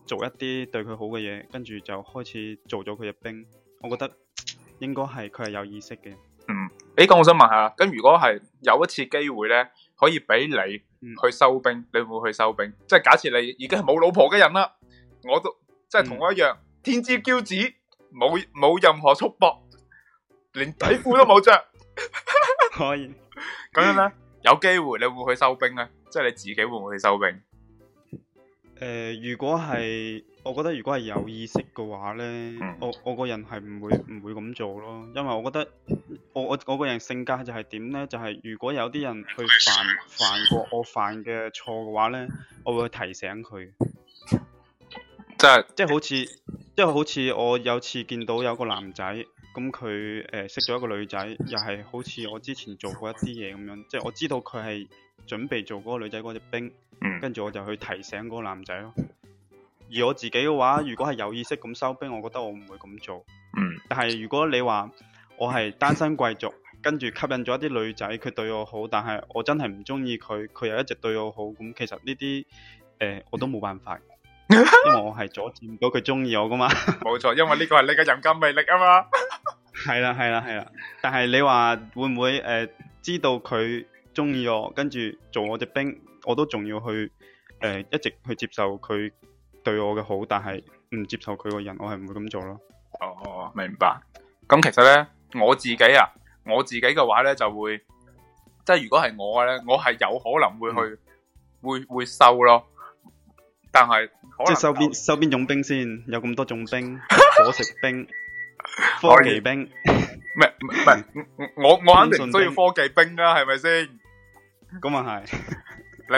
做一啲對佢好嘅嘢，跟住就開始做咗佢嘅兵。我覺得應該係佢係有意識嘅。嗯，誒，咁我想問下，咁如果係有一次機會咧，可以俾你去收兵，你會唔會去收兵？即係假設你已經係冇老婆嘅人啦，我都即係同我一樣，天之驕子，冇冇任何束縛，連底褲都冇着。可以，咁樣咧，有機會你會去收兵？咧？即係你自己會唔會去收兵？誒，如果係。我覺得如果係有意識嘅話呢、嗯、我我個人係唔會唔、嗯、會咁做咯，因為我覺得我我個人性格就係點呢？就係、是、如果有啲人去犯犯過我犯嘅錯嘅話呢，我會提醒佢、就是。即係好似即係好似我有次見到有個男仔咁佢誒識咗一個女仔，又係好似我之前做過一啲嘢咁樣，即係我知道佢係準備做嗰個女仔嗰隻兵，跟、嗯、住我就去提醒嗰個男仔咯。而我自己嘅話，如果係有意識咁收兵，我覺得我唔會咁做。嗯、但係如果你話我係單身貴族，跟住吸引咗一啲女仔，佢對我好，但係我真係唔中意佢，佢又一直對我好，咁其實呢啲誒我都冇辦法， 因為我係阻止唔到佢中意我噶嘛。冇 錯，因為呢個係你嘅人格魅力啊嘛。係啦係啦係啦，但係你話會唔會誒、呃、知道佢中意我，跟住做我隻兵，我都仲要去誒、呃、一直去接受佢。對我嘅好，但係唔接受佢個人，我係唔會咁做咯。哦，明白。咁其實咧，我自己啊，我自己嘅話咧就會，即係如果係我咧，我係有可能會去，會會收咯。但係，即係收邊收邊種兵先，有咁多種兵，夥食兵、科技兵，唔係唔係，我我肯定唔需要科技兵啦，係咪先？咁啊係，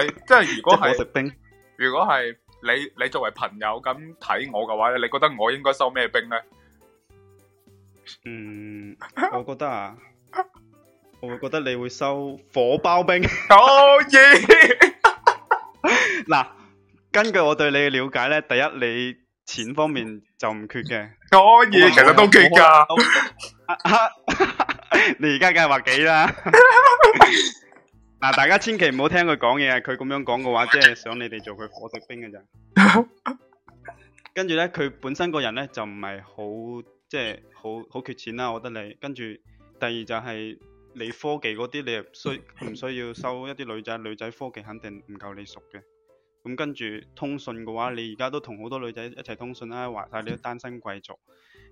你即係如果係，如果係。你你作為朋友咁睇我嘅話咧，你覺得我應該收咩兵咧？嗯，我覺得啊，我會覺得你會收火包兵。可以。嗱，根據我對你嘅了解咧，第一你錢方面就唔缺嘅。可以，其實都缺噶。 你而家梗係話幾啦？ 嗱，大家千祈唔好聽佢講嘢，佢咁樣講嘅話，即係想你哋做佢火食兵嘅咋。跟住咧，佢本身個人咧就唔係好，即係好好缺錢啦。我覺得你跟住，第二就係你科技嗰啲，你需唔需要收一啲女仔？女仔科技肯定唔夠你熟嘅。咁跟住通訊嘅話，你而家都同好多女仔一齊通訊啦，話晒你都單身貴族。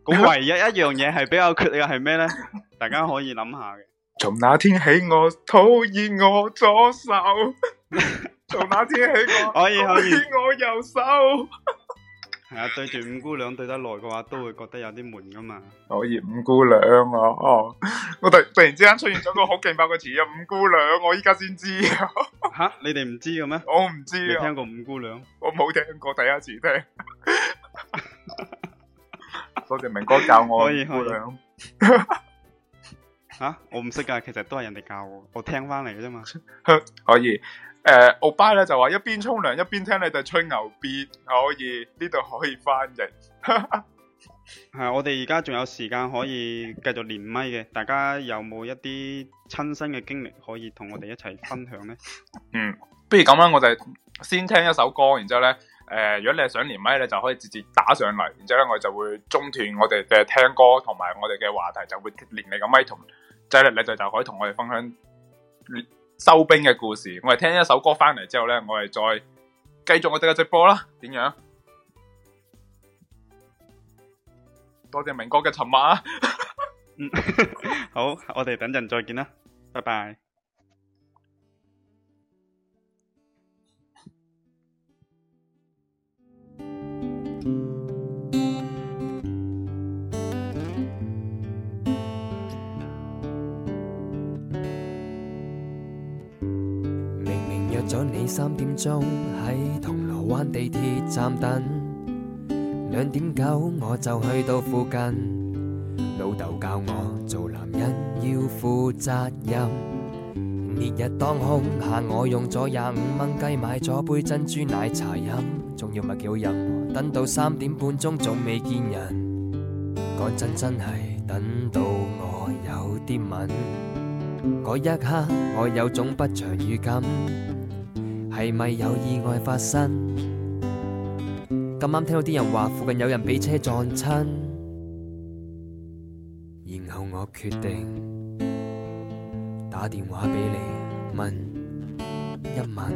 咁唯一一樣嘢係比較缺嘅係咩咧？大家可以諗下嘅。.從那天起，我討厭我左手。從那天起，我討厭我右手。係啊，對住五姑娘對得耐嘅話，都會覺得有啲悶噶嘛。可以五姑娘啊，哦，我突突然之間出現咗個好勁爆嘅詞啊，五姑娘，我依家先知啊。吓，你哋唔知嘅咩？我唔知。你聽過五姑娘？我冇聽過，第一次聽。多謝明哥教我。可以，五姑娘。啊！我唔識噶，其實都係人哋教我，我聽翻嚟嘅啫嘛。可以，誒，歐巴咧就話一邊沖涼一邊聽你哋吹牛逼，可以呢度可以翻譯。係， 我哋而家仲有時間可以繼續連麥嘅，大家有冇一啲親身嘅經歷可以同我哋一齊分享呢？嗯，不如咁啦，我就先聽一首歌，然之後咧，誒、呃，如果你係想連麥咧，就可以直接打上嚟，然之後咧我就會中斷我哋嘅聽歌同埋我哋嘅話題，就會連你個麥同。即係咧，你就就可以同我哋分享收兵嘅故事。我哋聽一首歌翻嚟之後呢，我哋再繼續我哋嘅直播啦。點樣？多謝明哥嘅沉默啊！嗯，好，我哋等陣再見啦，拜拜。三點鐘喺銅鑼灣地鐵站等，兩點九我就去到附近。老豆教我做男人要負責任。烈日當空下，我用咗廿五蚊雞買咗杯珍珠奶茶飲，仲要唔幾好飲，啊。等到三點半鐘，仲未見人。講真，真係等到我有啲悶。嗰一刻，我有種不祥預感。係咪有意外發生？咁啱聽到啲人話附近有人俾車撞親，然後我決定打電話俾你問一問。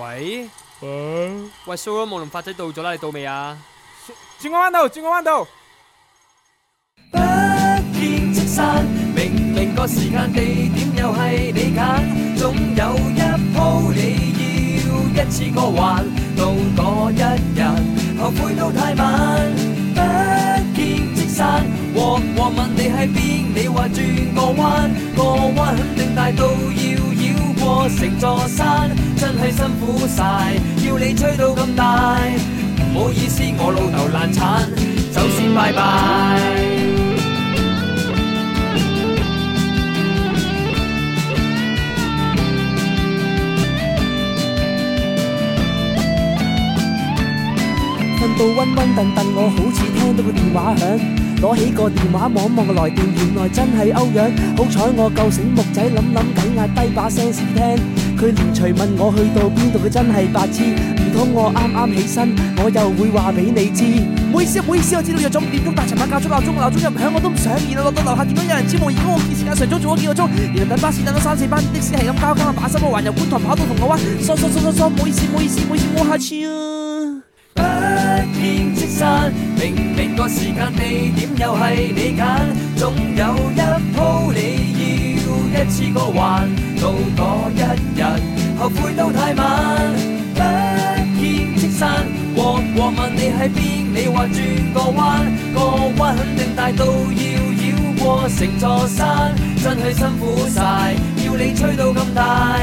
喂？喂，掃咗無能發仔到咗啦，你到未啊？轉個彎度，轉個彎度。我成座山，真係辛苦晒，要你吹到咁大，唔好意思，我老豆爛鏟，走先拜拜。瞓到温温頓頓，我好似聽到個電話響。攞起個電話望望個來電，原來真係歐陽。好彩我夠醒目仔，想想想，諗諗緊壓低把聲先聽。佢連隨問我去到邊度，佢真係白痴。唔通我啱啱起身，我又會話俾你、啊啊、知？唔好意思，唔好意思，我知道約咗五點鐘，但尋晚較足鬧鐘，鬧鐘又唔響，我都唔想。然後落到樓下，點都有人知，冇影我。啲時間上早做咗幾個鐘，然後等巴士等咗三四班的士，係咁交。加，下把心一橫由觀塘跑到銅鑼灣，嗦嗦嗦嗦嗦。唔好意思，唔好意思，唔好意思，我下次、啊。不見即散。明明個時間地點又係你揀，總有一鋪你要一次過還到多一日，後悔都太晚。不見即散，我我問你喺邊，你話轉個彎，個彎肯定大到要繞過成座山，真係辛苦晒，要你吹到咁大，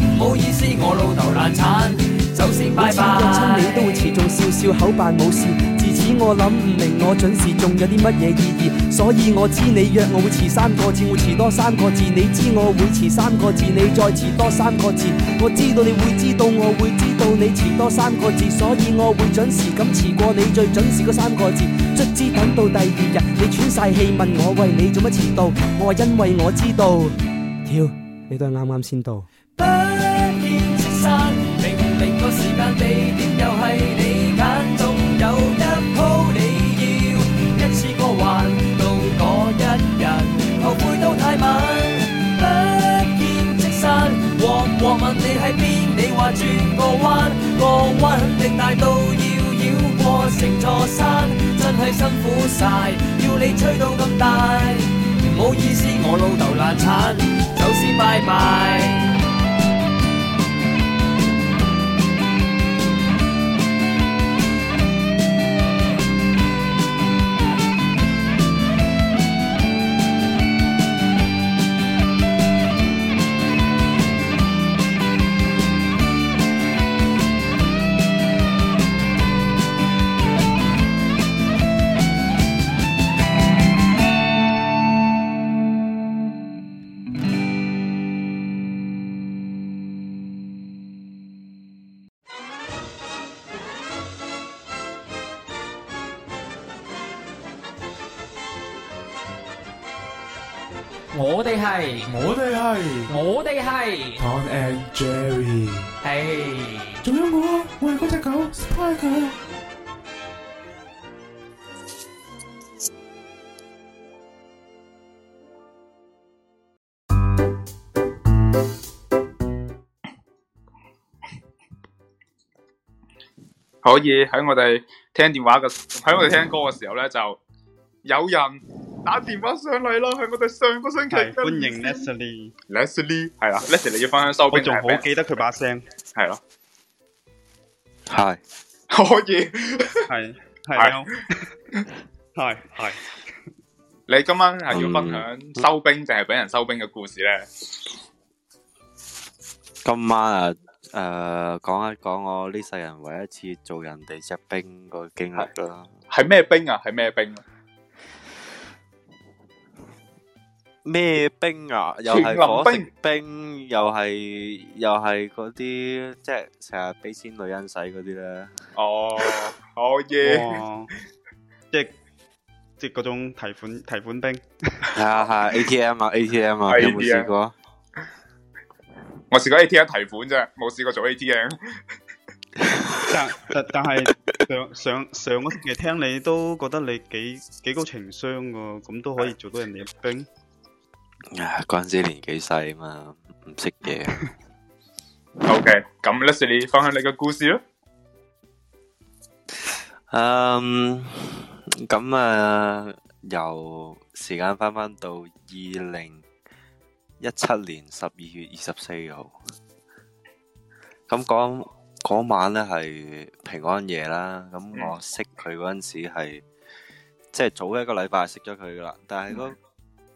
唔好意思，我老豆爛慘，走先拜拜。每我親親你都會持續笑笑口扮冇事。我諗唔明，我準時仲有啲乜嘢意義？所以我知你約我會遲三個字，我會遲多三個字。你知我會遲三個字，你再遲多三個字。我知道你會知道，我會知道你遲多三個字，所以我會準時咁遲過你最準時個三個字。卒之等到第二日，你喘晒氣問我，喂，你做乜遲到？我因為我知道，跳，你都係啱啱先到。不見山，明明個時間地點又係你。太慢，不見即散。王王問你喺邊？你話轉個彎，個彎肯定大到要繞過成座山，真係辛苦晒，要你吹到咁大，唔好意思。我老豆爛慘，走先拜拜。我哋係，我哋係，Tom and Jerry，係，仲有我，我係嗰隻狗，Spiker。可以喺我哋聽電話嘅，喺我哋聽歌嘅時候咧，就有人。打電話上嚟咯，係我哋上個星期。歡迎 Leslie，Leslie 係啦，Leslie 你要分享收兵，我仲好記得佢把聲，係咯。係可以，係係係係。你今晚係要分享收兵定係俾人收兵嘅故事咧？今晚啊，誒，講一講我呢世人唯一一次做人哋隻兵個經歷啦。係咩兵啊？係咩兵？咩兵啊？又係火食兵，又係又係嗰啲，即係成日俾錢女人使嗰啲咧。哦，好嘢，即係即係嗰種提款提款兵，係係 A T M 啊 A T M 啊，你有冇試過？我試過 A T M 提款啫，冇試過做 A T M。但但但係上上上個星期聽你都覺得你幾幾高情商噶，咁都可以做到人哋嘅兵。啊，嗰陣時年紀細嘛，唔識嘢。OK，咁 Leslie 你分享你個故事咯。嗯，咁啊，由時間翻翻到二零一七年十二月二十四號。咁講嗰晚咧係平安夜啦。咁我識佢嗰陣時係，即係早一個禮拜識咗佢噶啦。但係嗰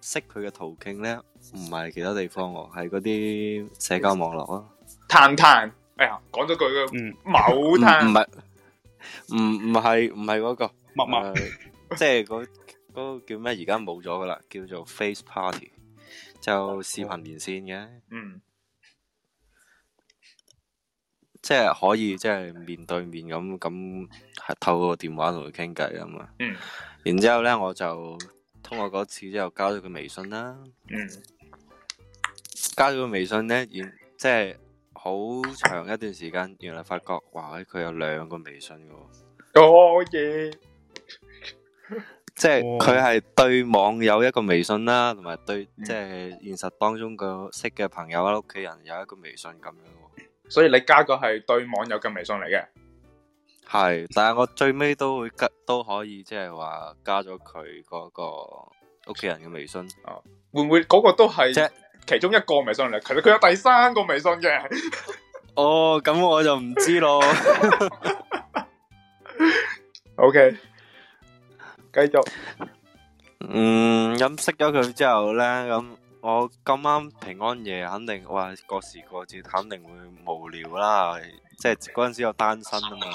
識佢嘅途徑咧，唔係其他地方喎，係嗰啲社交網絡啊。探探，哎呀，講咗句嘅，唔冇探。唔係，唔唔係，唔係嗰個陌陌，即係嗰個叫咩？而家冇咗噶啦，叫做 Face Party，就視頻連線嘅。嗯，即係可以，即係面對面咁咁，係透過電話同佢傾偈啊嘛。嗯，然之後咧，我就。通過嗰次之後加咗個微信啦，嗯，加咗個微信咧，然即係好長一段時間，原來發覺話，佢有兩個微信噶。哦耶，即係佢係對網友一個微信啦，同埋對即係現實當中個識嘅朋友啦、屋企人有一個微信咁樣，所以你加個係對網友嘅微信嚟嘅。係，但係我最尾都會加，都可以即係話加咗佢嗰個屋企人嘅微信。哦，會唔會嗰個都係即係其中一個微信嚟？其實佢有第三個微信嘅。哦，咁我就唔知咯。OK，繼續。嗯，咁識咗佢之後咧，咁我咁啱平安夜肯定，哇，過時過節肯定會無聊啦。即係嗰陣時我單身啊嘛，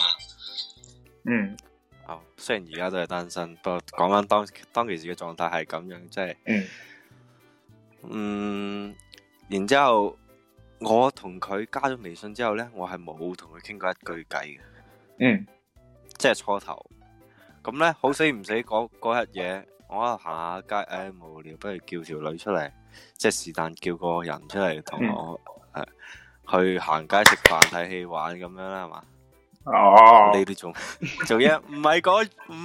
嗯，哦、oh，雖然而家都係單身，不過講翻當當其時嘅狀態係咁樣，即係、嗯，嗯，然之後我同佢加咗微信之後咧，我係冇同佢傾過一句偈嘅，嗯，即係初頭，咁咧好死唔死嗰日嘢，我喺度行下街，誒、哎、無聊，不如叫條女出嚟，即係是但叫個人出嚟同我誒。嗯啊去行街食飯睇戲玩咁樣啦，係嘛、oh. 哦，你呢種做嘢唔係嗰種唔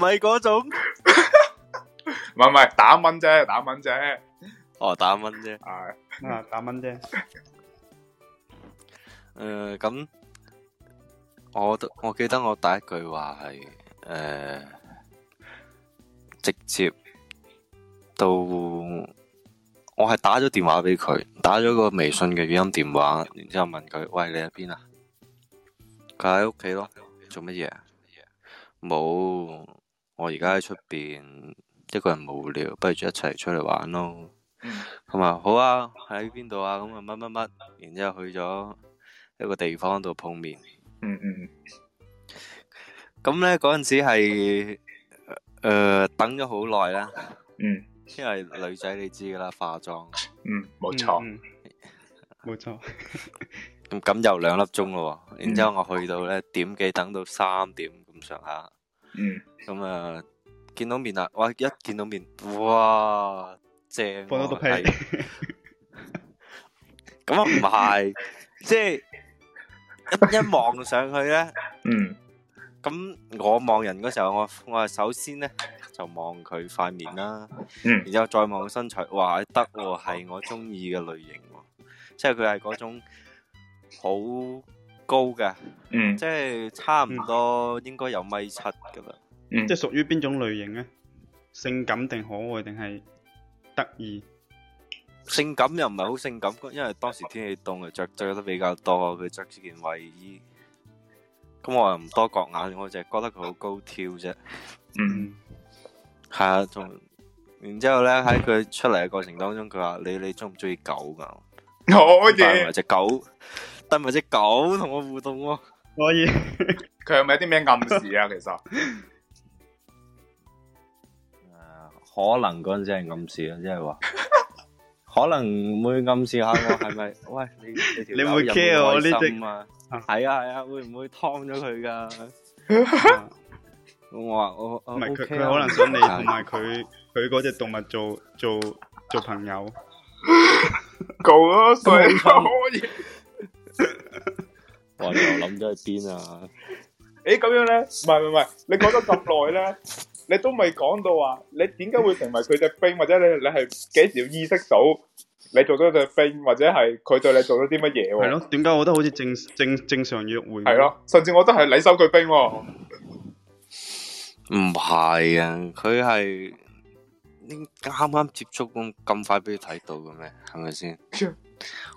係唔係打蚊啫、 啊，打蚊啫，哦，打蚊啫，啊，打蚊啫，誒咁，我我記得我第一句話係誒、呃、直接到。我係打咗電話俾佢，打咗個微信嘅語音電話，然之後問佢：喂，你喺邊啊？佢喺屋企咯，做乜嘢？冇，我而家喺出邊，一個人無聊，不如一齊出嚟玩咯。同、嗯、埋好啊，喺邊度啊？咁啊乜乜乜？然之後去咗一個地方度碰面。嗯嗯。咁咧嗰陣時係，誒，等咗好耐啦。嗯。因為女仔你知噶啦，化妝。嗯，冇錯，冇錯。咁咁又兩粒鐘咯，然之後我去到咧，點幾等到三點咁上下。嗯。咁啊，見到面啦，哇！一見到面，哇，正。放多督氣。咁啊，唔係，即係一一望上去咧，嗯。咁我望人嗰時候，我我係首先咧就望佢塊面啦，然之後再望身材，哇，得喎，係我中意嘅類型，即係佢係嗰種好高嘅，即係差唔多應該有米七噶啦，即係屬於邊種類型咧？性感定可愛定係得意？性感又唔係好性感，因為當時天氣凍，着着得比較多，佢着住件衛衣。咁我又唔多覺眼，我就覺得佢好高挑啫。嗯，係啊，仲然之後咧喺佢出嚟嘅過程當中，佢話你你中唔中意狗噶？可以，帶埋隻狗，帶埋隻狗同我互動。可以，佢係咪有啲咩暗示啊？其實，誒，可能嗰陣時係暗示咯，即係話可能會暗示下我係咪？喂，你你會 care 我呢啲？係啊係啊，會唔會劏咗佢噶？我話我唔係佢，佢可能想你同埋佢，佢嗰隻動物做做做朋友，夠咯，對唔住。我就諗咗係邊啊？誒，咁樣咧，唔係唔係，你講咗咁耐咧，你都未講到話，你點解會成為佢隻兵？或者你你係幾時意識到？你做咗對兵，或者係佢對你做咗啲乜嘢？係咯，點解我覺得好似正正正常約會？係咯，甚至我都係你收佢兵喎。唔係啊，佢係你啱啱接觸咁咁快俾你睇到嘅咩？係咪先？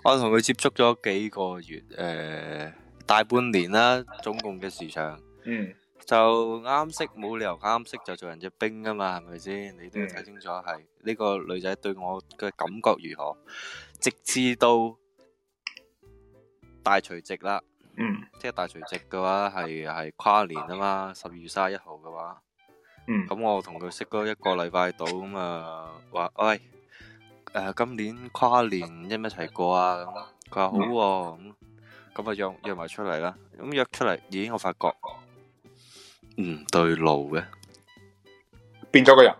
我同佢接觸咗幾個月，誒、呃，大半年啦，總共嘅時長。嗯。就啱識，冇理由啱識就做人隻兵㗎嘛，係咪先？你都要睇清楚，係呢個女仔對我嘅感覺如何，直至到大除夕啦。嗯，即係大除夕嘅話係係跨年啊嘛，十二月卅一號嘅話，嗯，咁我同佢識咗一個禮拜度咁啊，話喂誒，今年跨年一唔一齊過啊？咁佢話好喎，咁咁啊，約約埋出嚟啦。咁約出嚟，咦，我發覺。唔對路嘅，變咗個人。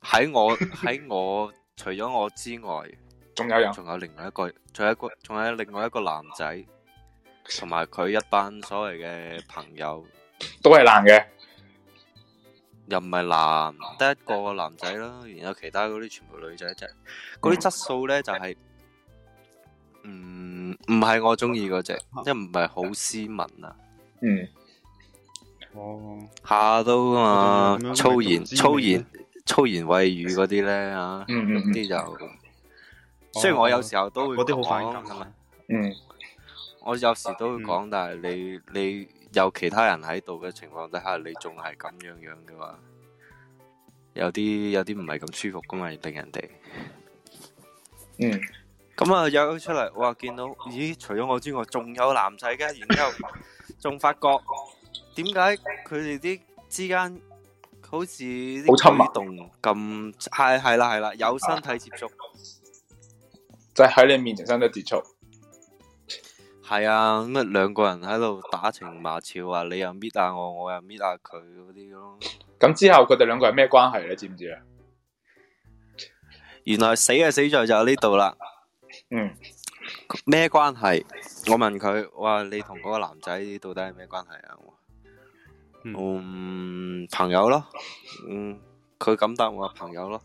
喺我喺我除咗我之外，仲有人，仲有另外一個，仲有一個，仲有另外一個男仔，同埋佢一班所謂嘅朋友，都係男嘅，又唔係男得一個男仔啦，然後其他嗰啲全部女仔啫，嗰啲質素咧就係，嗯，唔係我中意嗰隻，即係唔係好斯文啊，嗯。吓都啊！粗言粗言粗言穢語嗰啲咧，吓，呢就雖然我有時候都會講，嗯，我有時都會講，但係你你有其他人喺度嘅情況底下，你仲係咁樣樣嘅話，有啲有啲唔係咁舒服噶嘛，要定人哋。嗯，咁啊，有出嚟，我話，見到咦？除咗我之外，仲有男仔嘅，然之後仲發覺。點解佢哋啲之間好似好親密咁，係係啦係啦，有身體接觸，就係喺你面前身體接觸，係啊，咁啊兩個人喺度打情罵俏啊，你又搣下我，我又搣下佢嗰啲咯。咁之後佢哋兩個係咩關係咧？知唔知啊？原來死就死在就呢度啦。嗯，咩關係？我問佢，哇，你同嗰個男仔到底係咩關係啊？嗯，朋友咯，嗯，佢咁答我朋友咯，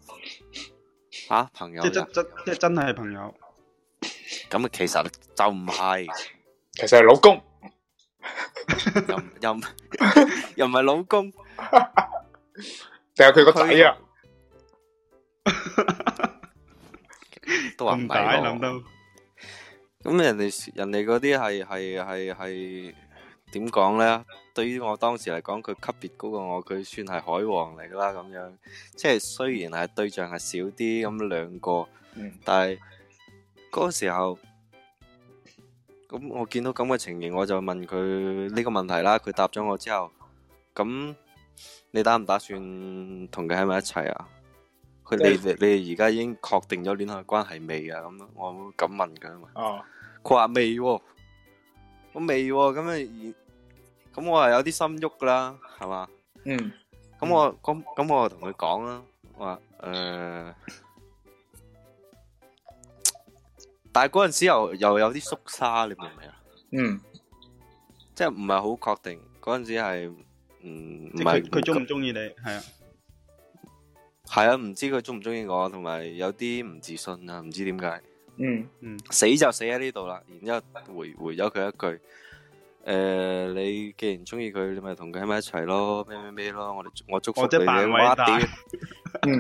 吓，朋友，啊，朋友，即即，即真係朋友，咁啊，其實就唔係，其實係老公，又又唔係老公，就係佢個仔啊， 都話唔係諗到，咁人哋人哋嗰啲係係係係。點講咧？對於我當時嚟講，佢級別高過我，佢算係海王嚟㗎啦。咁樣即係雖然係對象係少啲，咁兩個，嗯、但係嗰、嗰個時候咁，我見到咁嘅情形，我就問佢呢個問題啦。佢答咗我之後，咁你打唔打算同佢喺埋一齊啊？佢哋、嗯、你哋而家已經確定咗戀愛關係未啊？咁我咁問佢啊嘛。哦，佢話未。我未咁啊，咁我係有啲心喐噶啦，係嘛？嗯，咁我咁咁我就同佢講啦，話誒，但係嗰陣時又又有啲縮沙，你明唔明啊？嗯，即係唔係好確定嗰陣時係，唔唔係佢中唔中意你？係啊，係啊，唔知佢中唔中意我，同埋有啲唔自信啊，唔知點解。嗯嗯，死就死喺呢度啦，然之後回回咗佢一句，誒，你既然中意佢，你咪同佢喺埋一齊咯，咩咩咩咯，我哋我祝福你，扮偉大，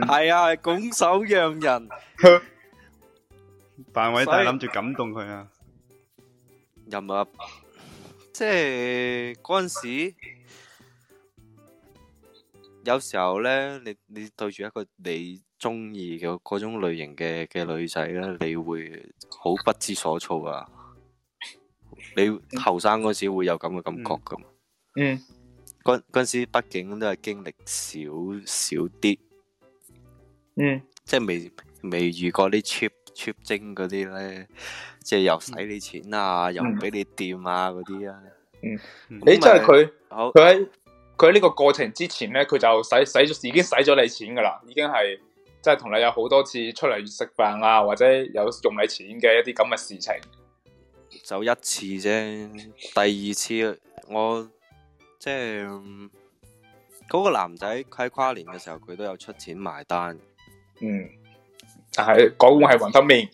係啊，拱手讓人，扮偉大諗住感動佢啊，有冇？即係嗰陣時，有時候咧，你你對住一個你。中意嘅嗰種類型嘅嘅女仔咧，你會好不知所措啊！你後生嗰時會有咁嘅感覺噶嘛？嗯，嗰、嗯、嗰時畢竟都係經歷少少啲，嗯，即係未未遇過啲 cheap cheap 精嗰啲咧，即係又使你錢啊，嗯、又唔俾你掂啊嗰啲啊。嗯，你即係佢佢喺佢喺呢個過程之前咧，佢就使使咗已經使咗你錢噶啦，已經係。即係同你有好多次出嚟食飯啊，或者有用你錢嘅一啲咁嘅事情，就一次啫。第二次我即係嗰個男仔佢喺跨年嘅時候，佢都有出錢埋單。嗯，但係嗰碗係雲吞麵，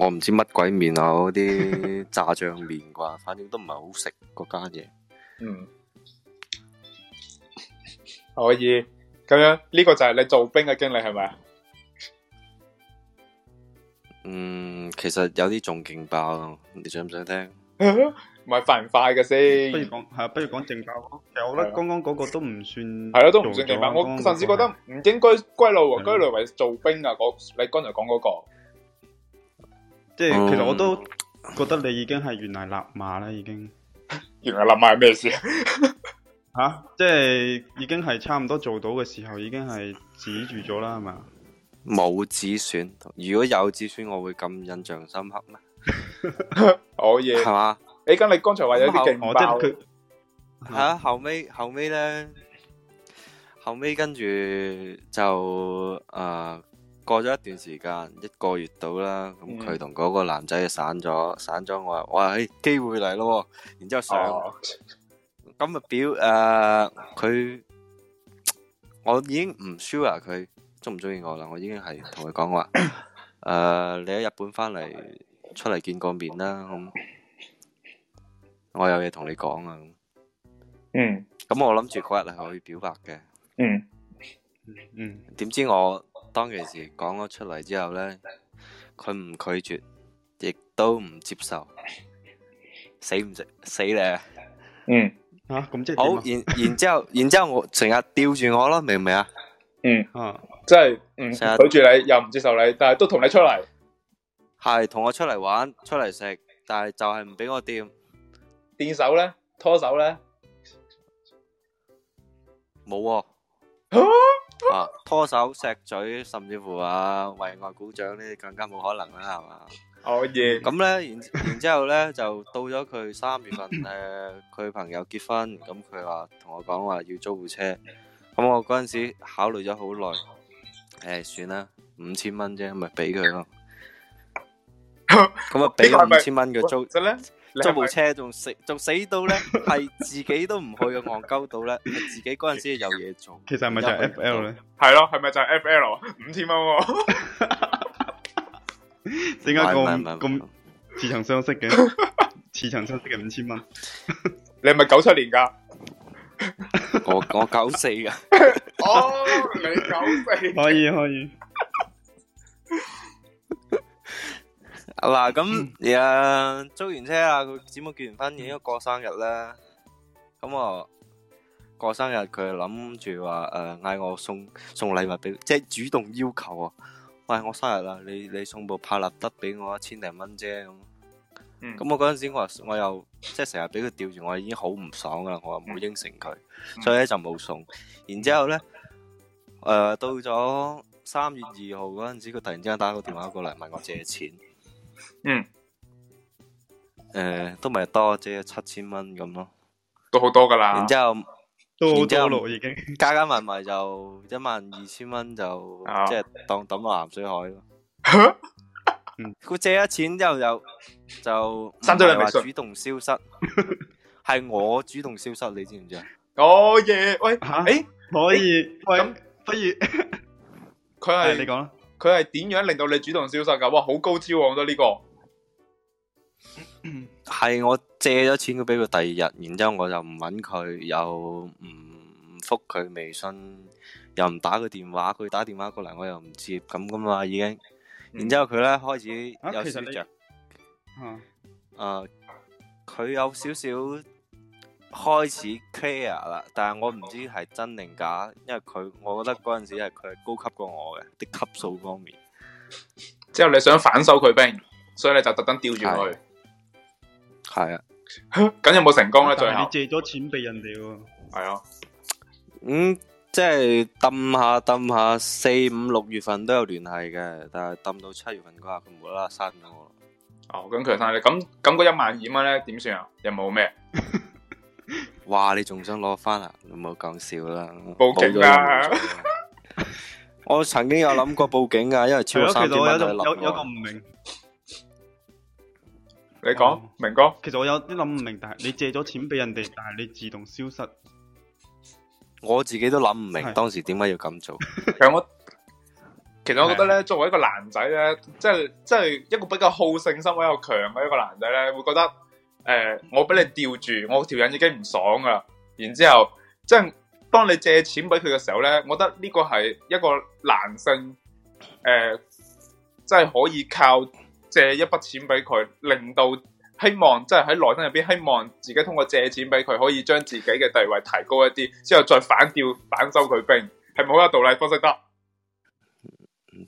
我唔知乜鬼麵啊，嗰啲炸醬麵啩，反正都唔係好食嗰間嘢。嗯，可以。咁樣，呢個就係你做兵嘅經歷係咪啊？嗯，其實有啲仲勁爆咯，你想唔想聽？唔係快唔快嘅先，不如講係啊，不如講勁爆咯。其實我咧剛剛嗰個都唔算，係咯，都唔算勁爆。我甚至覺得唔應該歸類啊，歸類為做兵啊。嗰，你剛才講嗰個，即係其實我都覺得你已經係原來立馬咧，已經原來立馬係咩事啊？吓，即係已經係差唔多做到嘅時候，已經係止住咗啦，係嘛？冇止損，如果有止損，我會咁印象深刻咩？好嘢，係嘛？你今你剛才話有啲勁爆，吓後尾後尾咧，後尾跟住就誒過咗一段時間，一個月到啦，咁佢同嗰個男仔散咗，散咗我話哇，機會嚟咯，然之後上。咁咪表誒，佢我已經唔 sure 佢中唔中意我啦。我已經係同佢講話誒，你喺日本翻嚟出嚟見過面啦。咁我有嘢同你講啊。嗯。咁我諗住嗰日係可以表白嘅。嗯。嗯。點知我當其時講咗出嚟之後咧，佢唔拒絕，亦都唔接受，死唔死，死咧。嗯。啊，咁即係好，然然之後，然之後，然後，然後常常我成日吊住我咯，明唔明啊？嗯，啊、即係嗯，成日對住你又唔接受你，但係都同你出嚟，係同我出嚟玩，出嚟食，但係就係唔俾我掂，掂手咧，拖手咧，冇啊，啊，拖手、錫嘴，甚至乎啊為愛鼓掌呢，啲更加冇可能啦，係嘛？哦耶！咁咧，然然之後咧，就到咗佢三月份，誒、 呃，佢朋友結婚，咁佢話同我講話要租部車，咁我嗰陣時考慮咗好耐，誒、呃，算啦，五千蚊啫，咪俾佢咯。咁啊，俾五千蚊佢租， 係係租部車仲死仲死到咧，係 自己都唔去嘅戇鳩到咧，自己嗰陣時有嘢做。其實係咪就係 F L 咧？係咯，係咪就係 F L？五千蚊。 點解咁咁似曾相識嘅似曾相識嘅五千蚊？你係咪九七年㗎？我我九四㗎。哦，你九四。可以可以。嗱，咁而家租完車啦，佢姊妹結完婚，而家過生日啦。咁我過生日，佢諗住話誒，嗌我送送禮物俾，即係主動要求啊。喂，我生日啦，你你送部拍立得俾我一千零蚊啫，咁，咁我嗰陣時我我又即係成日俾佢吊住，我已經好唔爽噶啦，我話冇應承佢，所以咧，就冇送。然之後咧，誒，到咗三月二號嗰陣時，佢突然之間打個電話過嚟問我借錢，嗯，誒，都咪多啫，七千蚊咁咯，都好多噶啦。然之後。然之後已經，加加埋埋就一萬二千蚊，就即係當抌個鹹水海咯。佢 借咗錢之後就，就就唔係主動消失，係 我主動消失，你知唔知啊？哦耶，喂，誒、uh -huh. 欸，可以，欸、喂，咁不如佢係你講啦，佢係點樣令到你主動消失噶？哇，好、這個、高招啊，呢個係我。借咗錢佢俾佢第二日，然之後我就唔搵佢，又唔復佢微信，又唔打佢電話，佢打電話過嚟我又唔接，咁噶嘛已經。然之後佢咧、嗯、開始有少少。佢、啊啊啊、有少少開始 care 啦，但係我唔知係真定假，因為佢，我覺得嗰陣時係佢係高級過我嘅，啲級數方面。之後你想反手佢兵，所以你就特登吊住佢，係啊。咁有冇成功咧？最後你借咗錢俾人哋喎。係啊，咁即係氹下氹下，四五六月份都有聯繫嘅，但係氹到七月份嗰日佢無啦啦刪咗我。哦，咁佢又刪晒你，咁咁嗰一萬二蚊咧點算啊？有冇咩？哇！你仲想攞翻？啊，你唔好講笑啦！報警啦！我曾經有諗過報警噶，因為超咗三條友，有有個唔明。你講、嗯、明哥，其實我有啲諗唔明，但係你借咗錢俾人哋，但係你自動消失，我自己都諗唔明當時點解要咁做。其實我，其實我覺得咧，作為一個男仔咧，即係即係一個比較好勝心比較強嘅一個男仔咧，會覺得誒、呃，我俾你吊住，我條人已經唔爽噶啦。然之後，即係當你借錢俾佢嘅時候咧，我覺得呢個係一個男性誒，即係可以靠。借一筆錢俾佢，令到希望即係喺內心入邊希望自己通過借錢俾佢，可以將自己嘅地位提高一啲，之後再反調反收佢兵。係咪好有道理？方式得。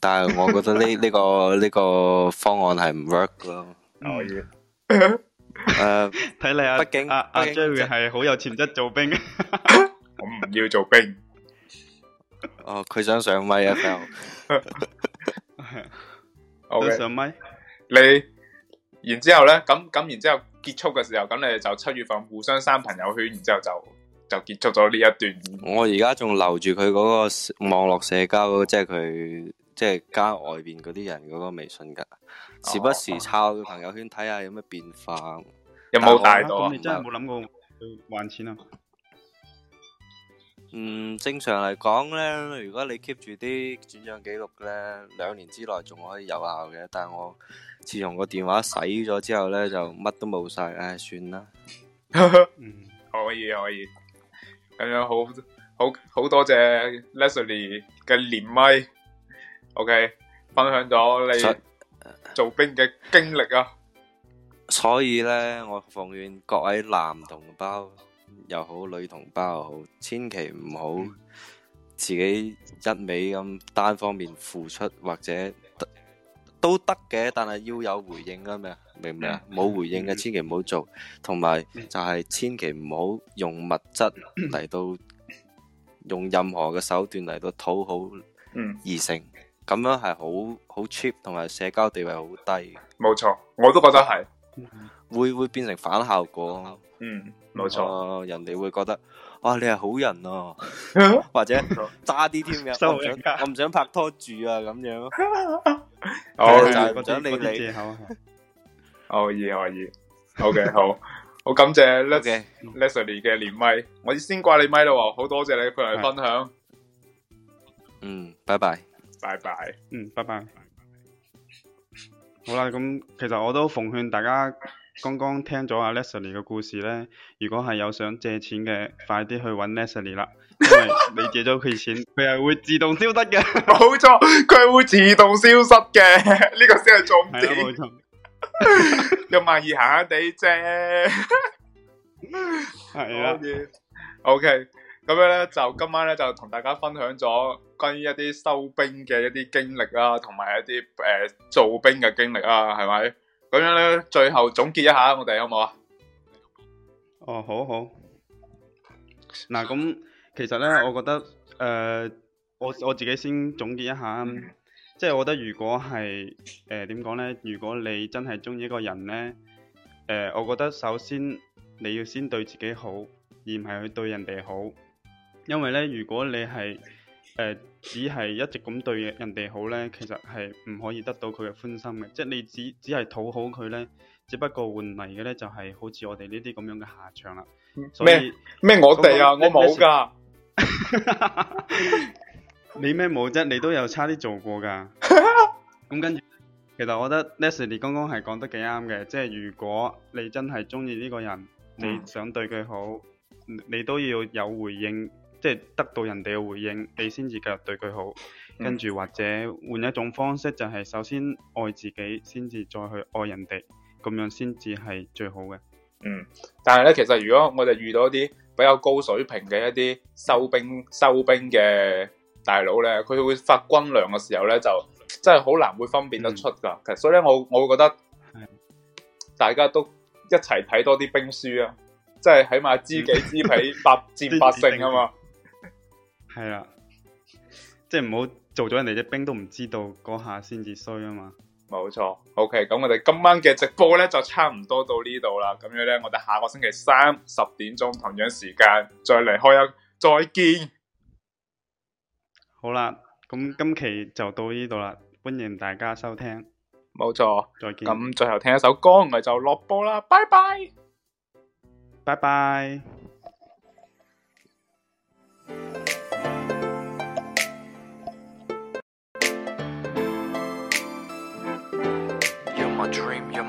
但係我覺得呢呢、 呢個呢、呢個方案係唔 work 咯。可 以、嗯，誒睇嚟阿阿阿 Jerry 係好有潛質做兵。畢竟畢竟就是、 我唔要做兵。 哦，佢想上麥啊！我 想 、okay. 上麥。你，然之後咧，咁咁然之後結束嘅時候，咁你就七月份互相刪朋友圈，然之後就就結束咗呢一段。我而家仲留住佢嗰個網絡社交，即係佢即係加外邊嗰啲人嗰個微信噶，時不時抄佢朋友圈睇下有咩變化，有冇大到？哦啊、你真係冇諗過去還錢啊？嗯，正常嚟講咧，如果你 keep 住啲轉賬記錄咧，兩年之內仲可以有效嘅。但係我自從個電話洗咗之後咧，就乜都冇晒。唉、哎，算啦。嗯， 可以可以。咁樣好好好，好多謝 Leslie 嘅連麥。OK，分享咗你做兵嘅經歷啊、那個呃。所以咧，我奉勸各位男同胞。又好女同胞又好，千祈唔好自己一味咁單方面付出，或者都得嘅，但係要有回應噶咩？明唔明啊？冇、yeah. 回應嘅，千祈唔好做。同埋就係千祈唔好用物質嚟到 用任何嘅手段嚟到討好異性，咁樣係好好 cheap，同埋社交地位好低。冇錯，我都覺得係會會變成反效果。效果嗯。冇錯，人哋會覺得，哇，你係好人哦，或者渣啲添嘅，我唔想，我唔想拍拖住啊，咁樣，就係搵你啲借口。可以可以，OK 好，好感謝 Les Leslie 嘅連麥，我先掛你咪啦，好多謝你過嚟分享。嗯，拜拜，拜拜，嗯，拜拜。好啦，咁其實我都奉勸大家。剛剛聽咗阿 Leslie 嘅故事咧，如果係有想借錢嘅， 快啲去搵 Leslie 啦，因為你借咗佢錢，佢係會自動消失嘅。冇 錯，佢係會自動消失嘅，呢、呢個先係重點。有萬二，慳下地啫！係 啊， 啊。OK，咁樣咧就今晚咧就同大家分享咗關於一啲收兵嘅一啲經歷啊，同埋一啲誒、呃、造兵嘅經歷啊，係咪？咁樣咧，最後總結一下我哋好唔好啊？哦，好好。嗱，咁其實咧，我覺得誒，我我自己先總結一下，即係我覺得如果係誒點講咧，如果你真係中意一個人咧，誒，我覺得首先你要先對自己好，而唔係去對人哋好，因為咧，如果你係誒。只係一直咁對人哋好咧，其實係唔可以得到佢嘅歡心嘅。即係你只只係討好佢咧，只不過換嚟嘅咧就係、是、好似我哋呢啲咁樣嘅下場啦。咩咩我哋啊，哥哥我冇噶。你咩冇啫？你都有差啲做過噶。咁 跟住，其實我覺得 Nessie 剛剛係講得幾啱嘅。即係如果你真係中意呢個人，你想對佢好、嗯，你都要有回應。即係得到人哋嘅回應，你先至繼續對佢好，跟住，嗯，或者換一種方式，就係首先愛自己，先至再去愛人哋，咁樣先至係最好嘅。嗯，但係咧，其實如果我哋遇到一啲比較高水平嘅一啲收兵收兵嘅大佬咧，佢會發軍糧嘅時候咧，就真係好難會分辨得出噶，嗯。其實所以咧，我我會覺得，大家都一齊睇多啲兵書啊，即係起碼知己知彼，百戰百勝啊嘛。係啦，即係唔好做咗人哋隻兵都唔知道嗰下先至衰啊嘛。冇錯，OK，咁我哋今晚嘅直播呢就差唔多到呢度啦。咁樣呢，我哋下個星期三十點鐘同樣時間再嚟開一再見。好啦，咁今期就到呢度啦，歡迎大家收聽。冇錯，再見。咁最後聽一首歌，咪就落播啦，拜拜，拜拜。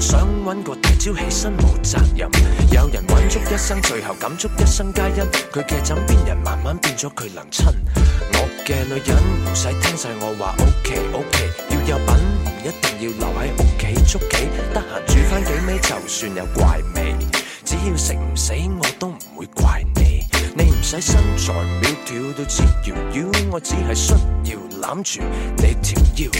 想揾個大招起身冇責任，有人揾足一生，最後感觸一生皆因佢嘅枕邊人慢慢變咗佢娘親。我嘅女人唔使聽晒我話，OK OK 要有品，唔一定要留喺屋企捉棋，得閒煮翻幾味就算有怪味，只要食唔死我都唔會怪你。你唔使身材苗條到似瑤瑤，我只係需要。攬住你條腰，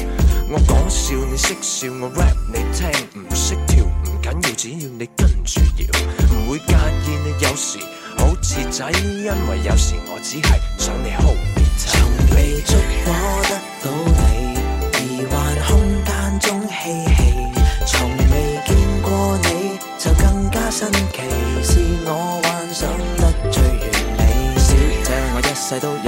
我講笑你識笑，我 rap 你聽，唔識跳唔緊要，只要你跟住搖，唔 會介意。你有時好似仔，因為有時我只係想你好，從未捉摸得到你，而幻空間中嬉戲，從未見過你就更加新奇，是我幻想得最完美。小姐，我一世都。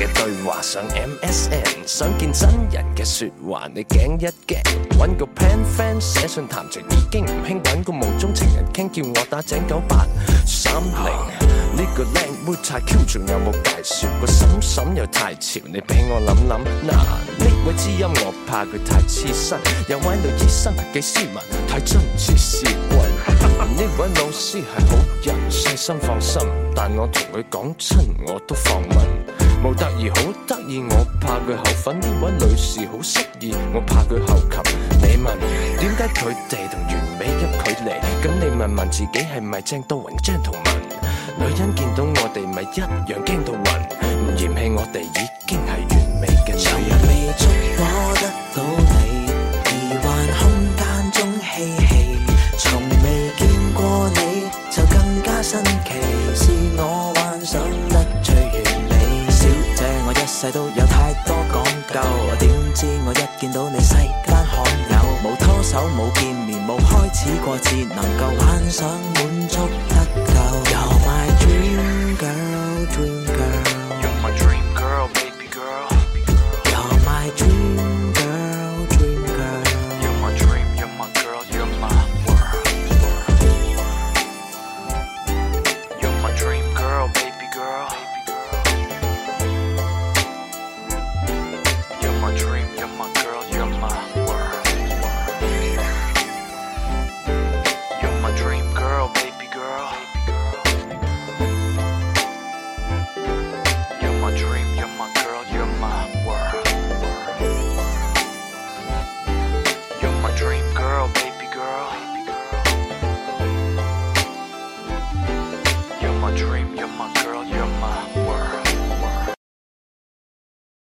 嘅對話上 MSN，想見真人嘅説話，你驚一驚，揾個 pen friend 寫信談情已經唔興，揾個夢中情人傾，叫我打井九八三零。呢、啊這個靚妹太 Q，仲有冇介紹？個嬸嬸又太潮，你俾我諗諗。嗱、啊，呢位知音我怕佢太黐身，又玩到醫生幾斯文，太真似是鬼。呢位老師係好人，細心放心，但我同佢講親我都放問。冇得意，好得意，我怕佢後粉。呢位女士好失意，我怕佢後擒。你問點解佢哋同完美有距離？咁你問問自己係咪驚到暈？驚到暈。女人見到我哋咪一樣驚到暈，唔嫌棄我哋已經係完美嘅。從未觸摸得到你，疑幻空間中嬉戲，從未見過你就更加新奇。世都有太多講究，點知我一見到你世間罕有，冇拖手冇見面冇開始過節，能夠幻想滿足得。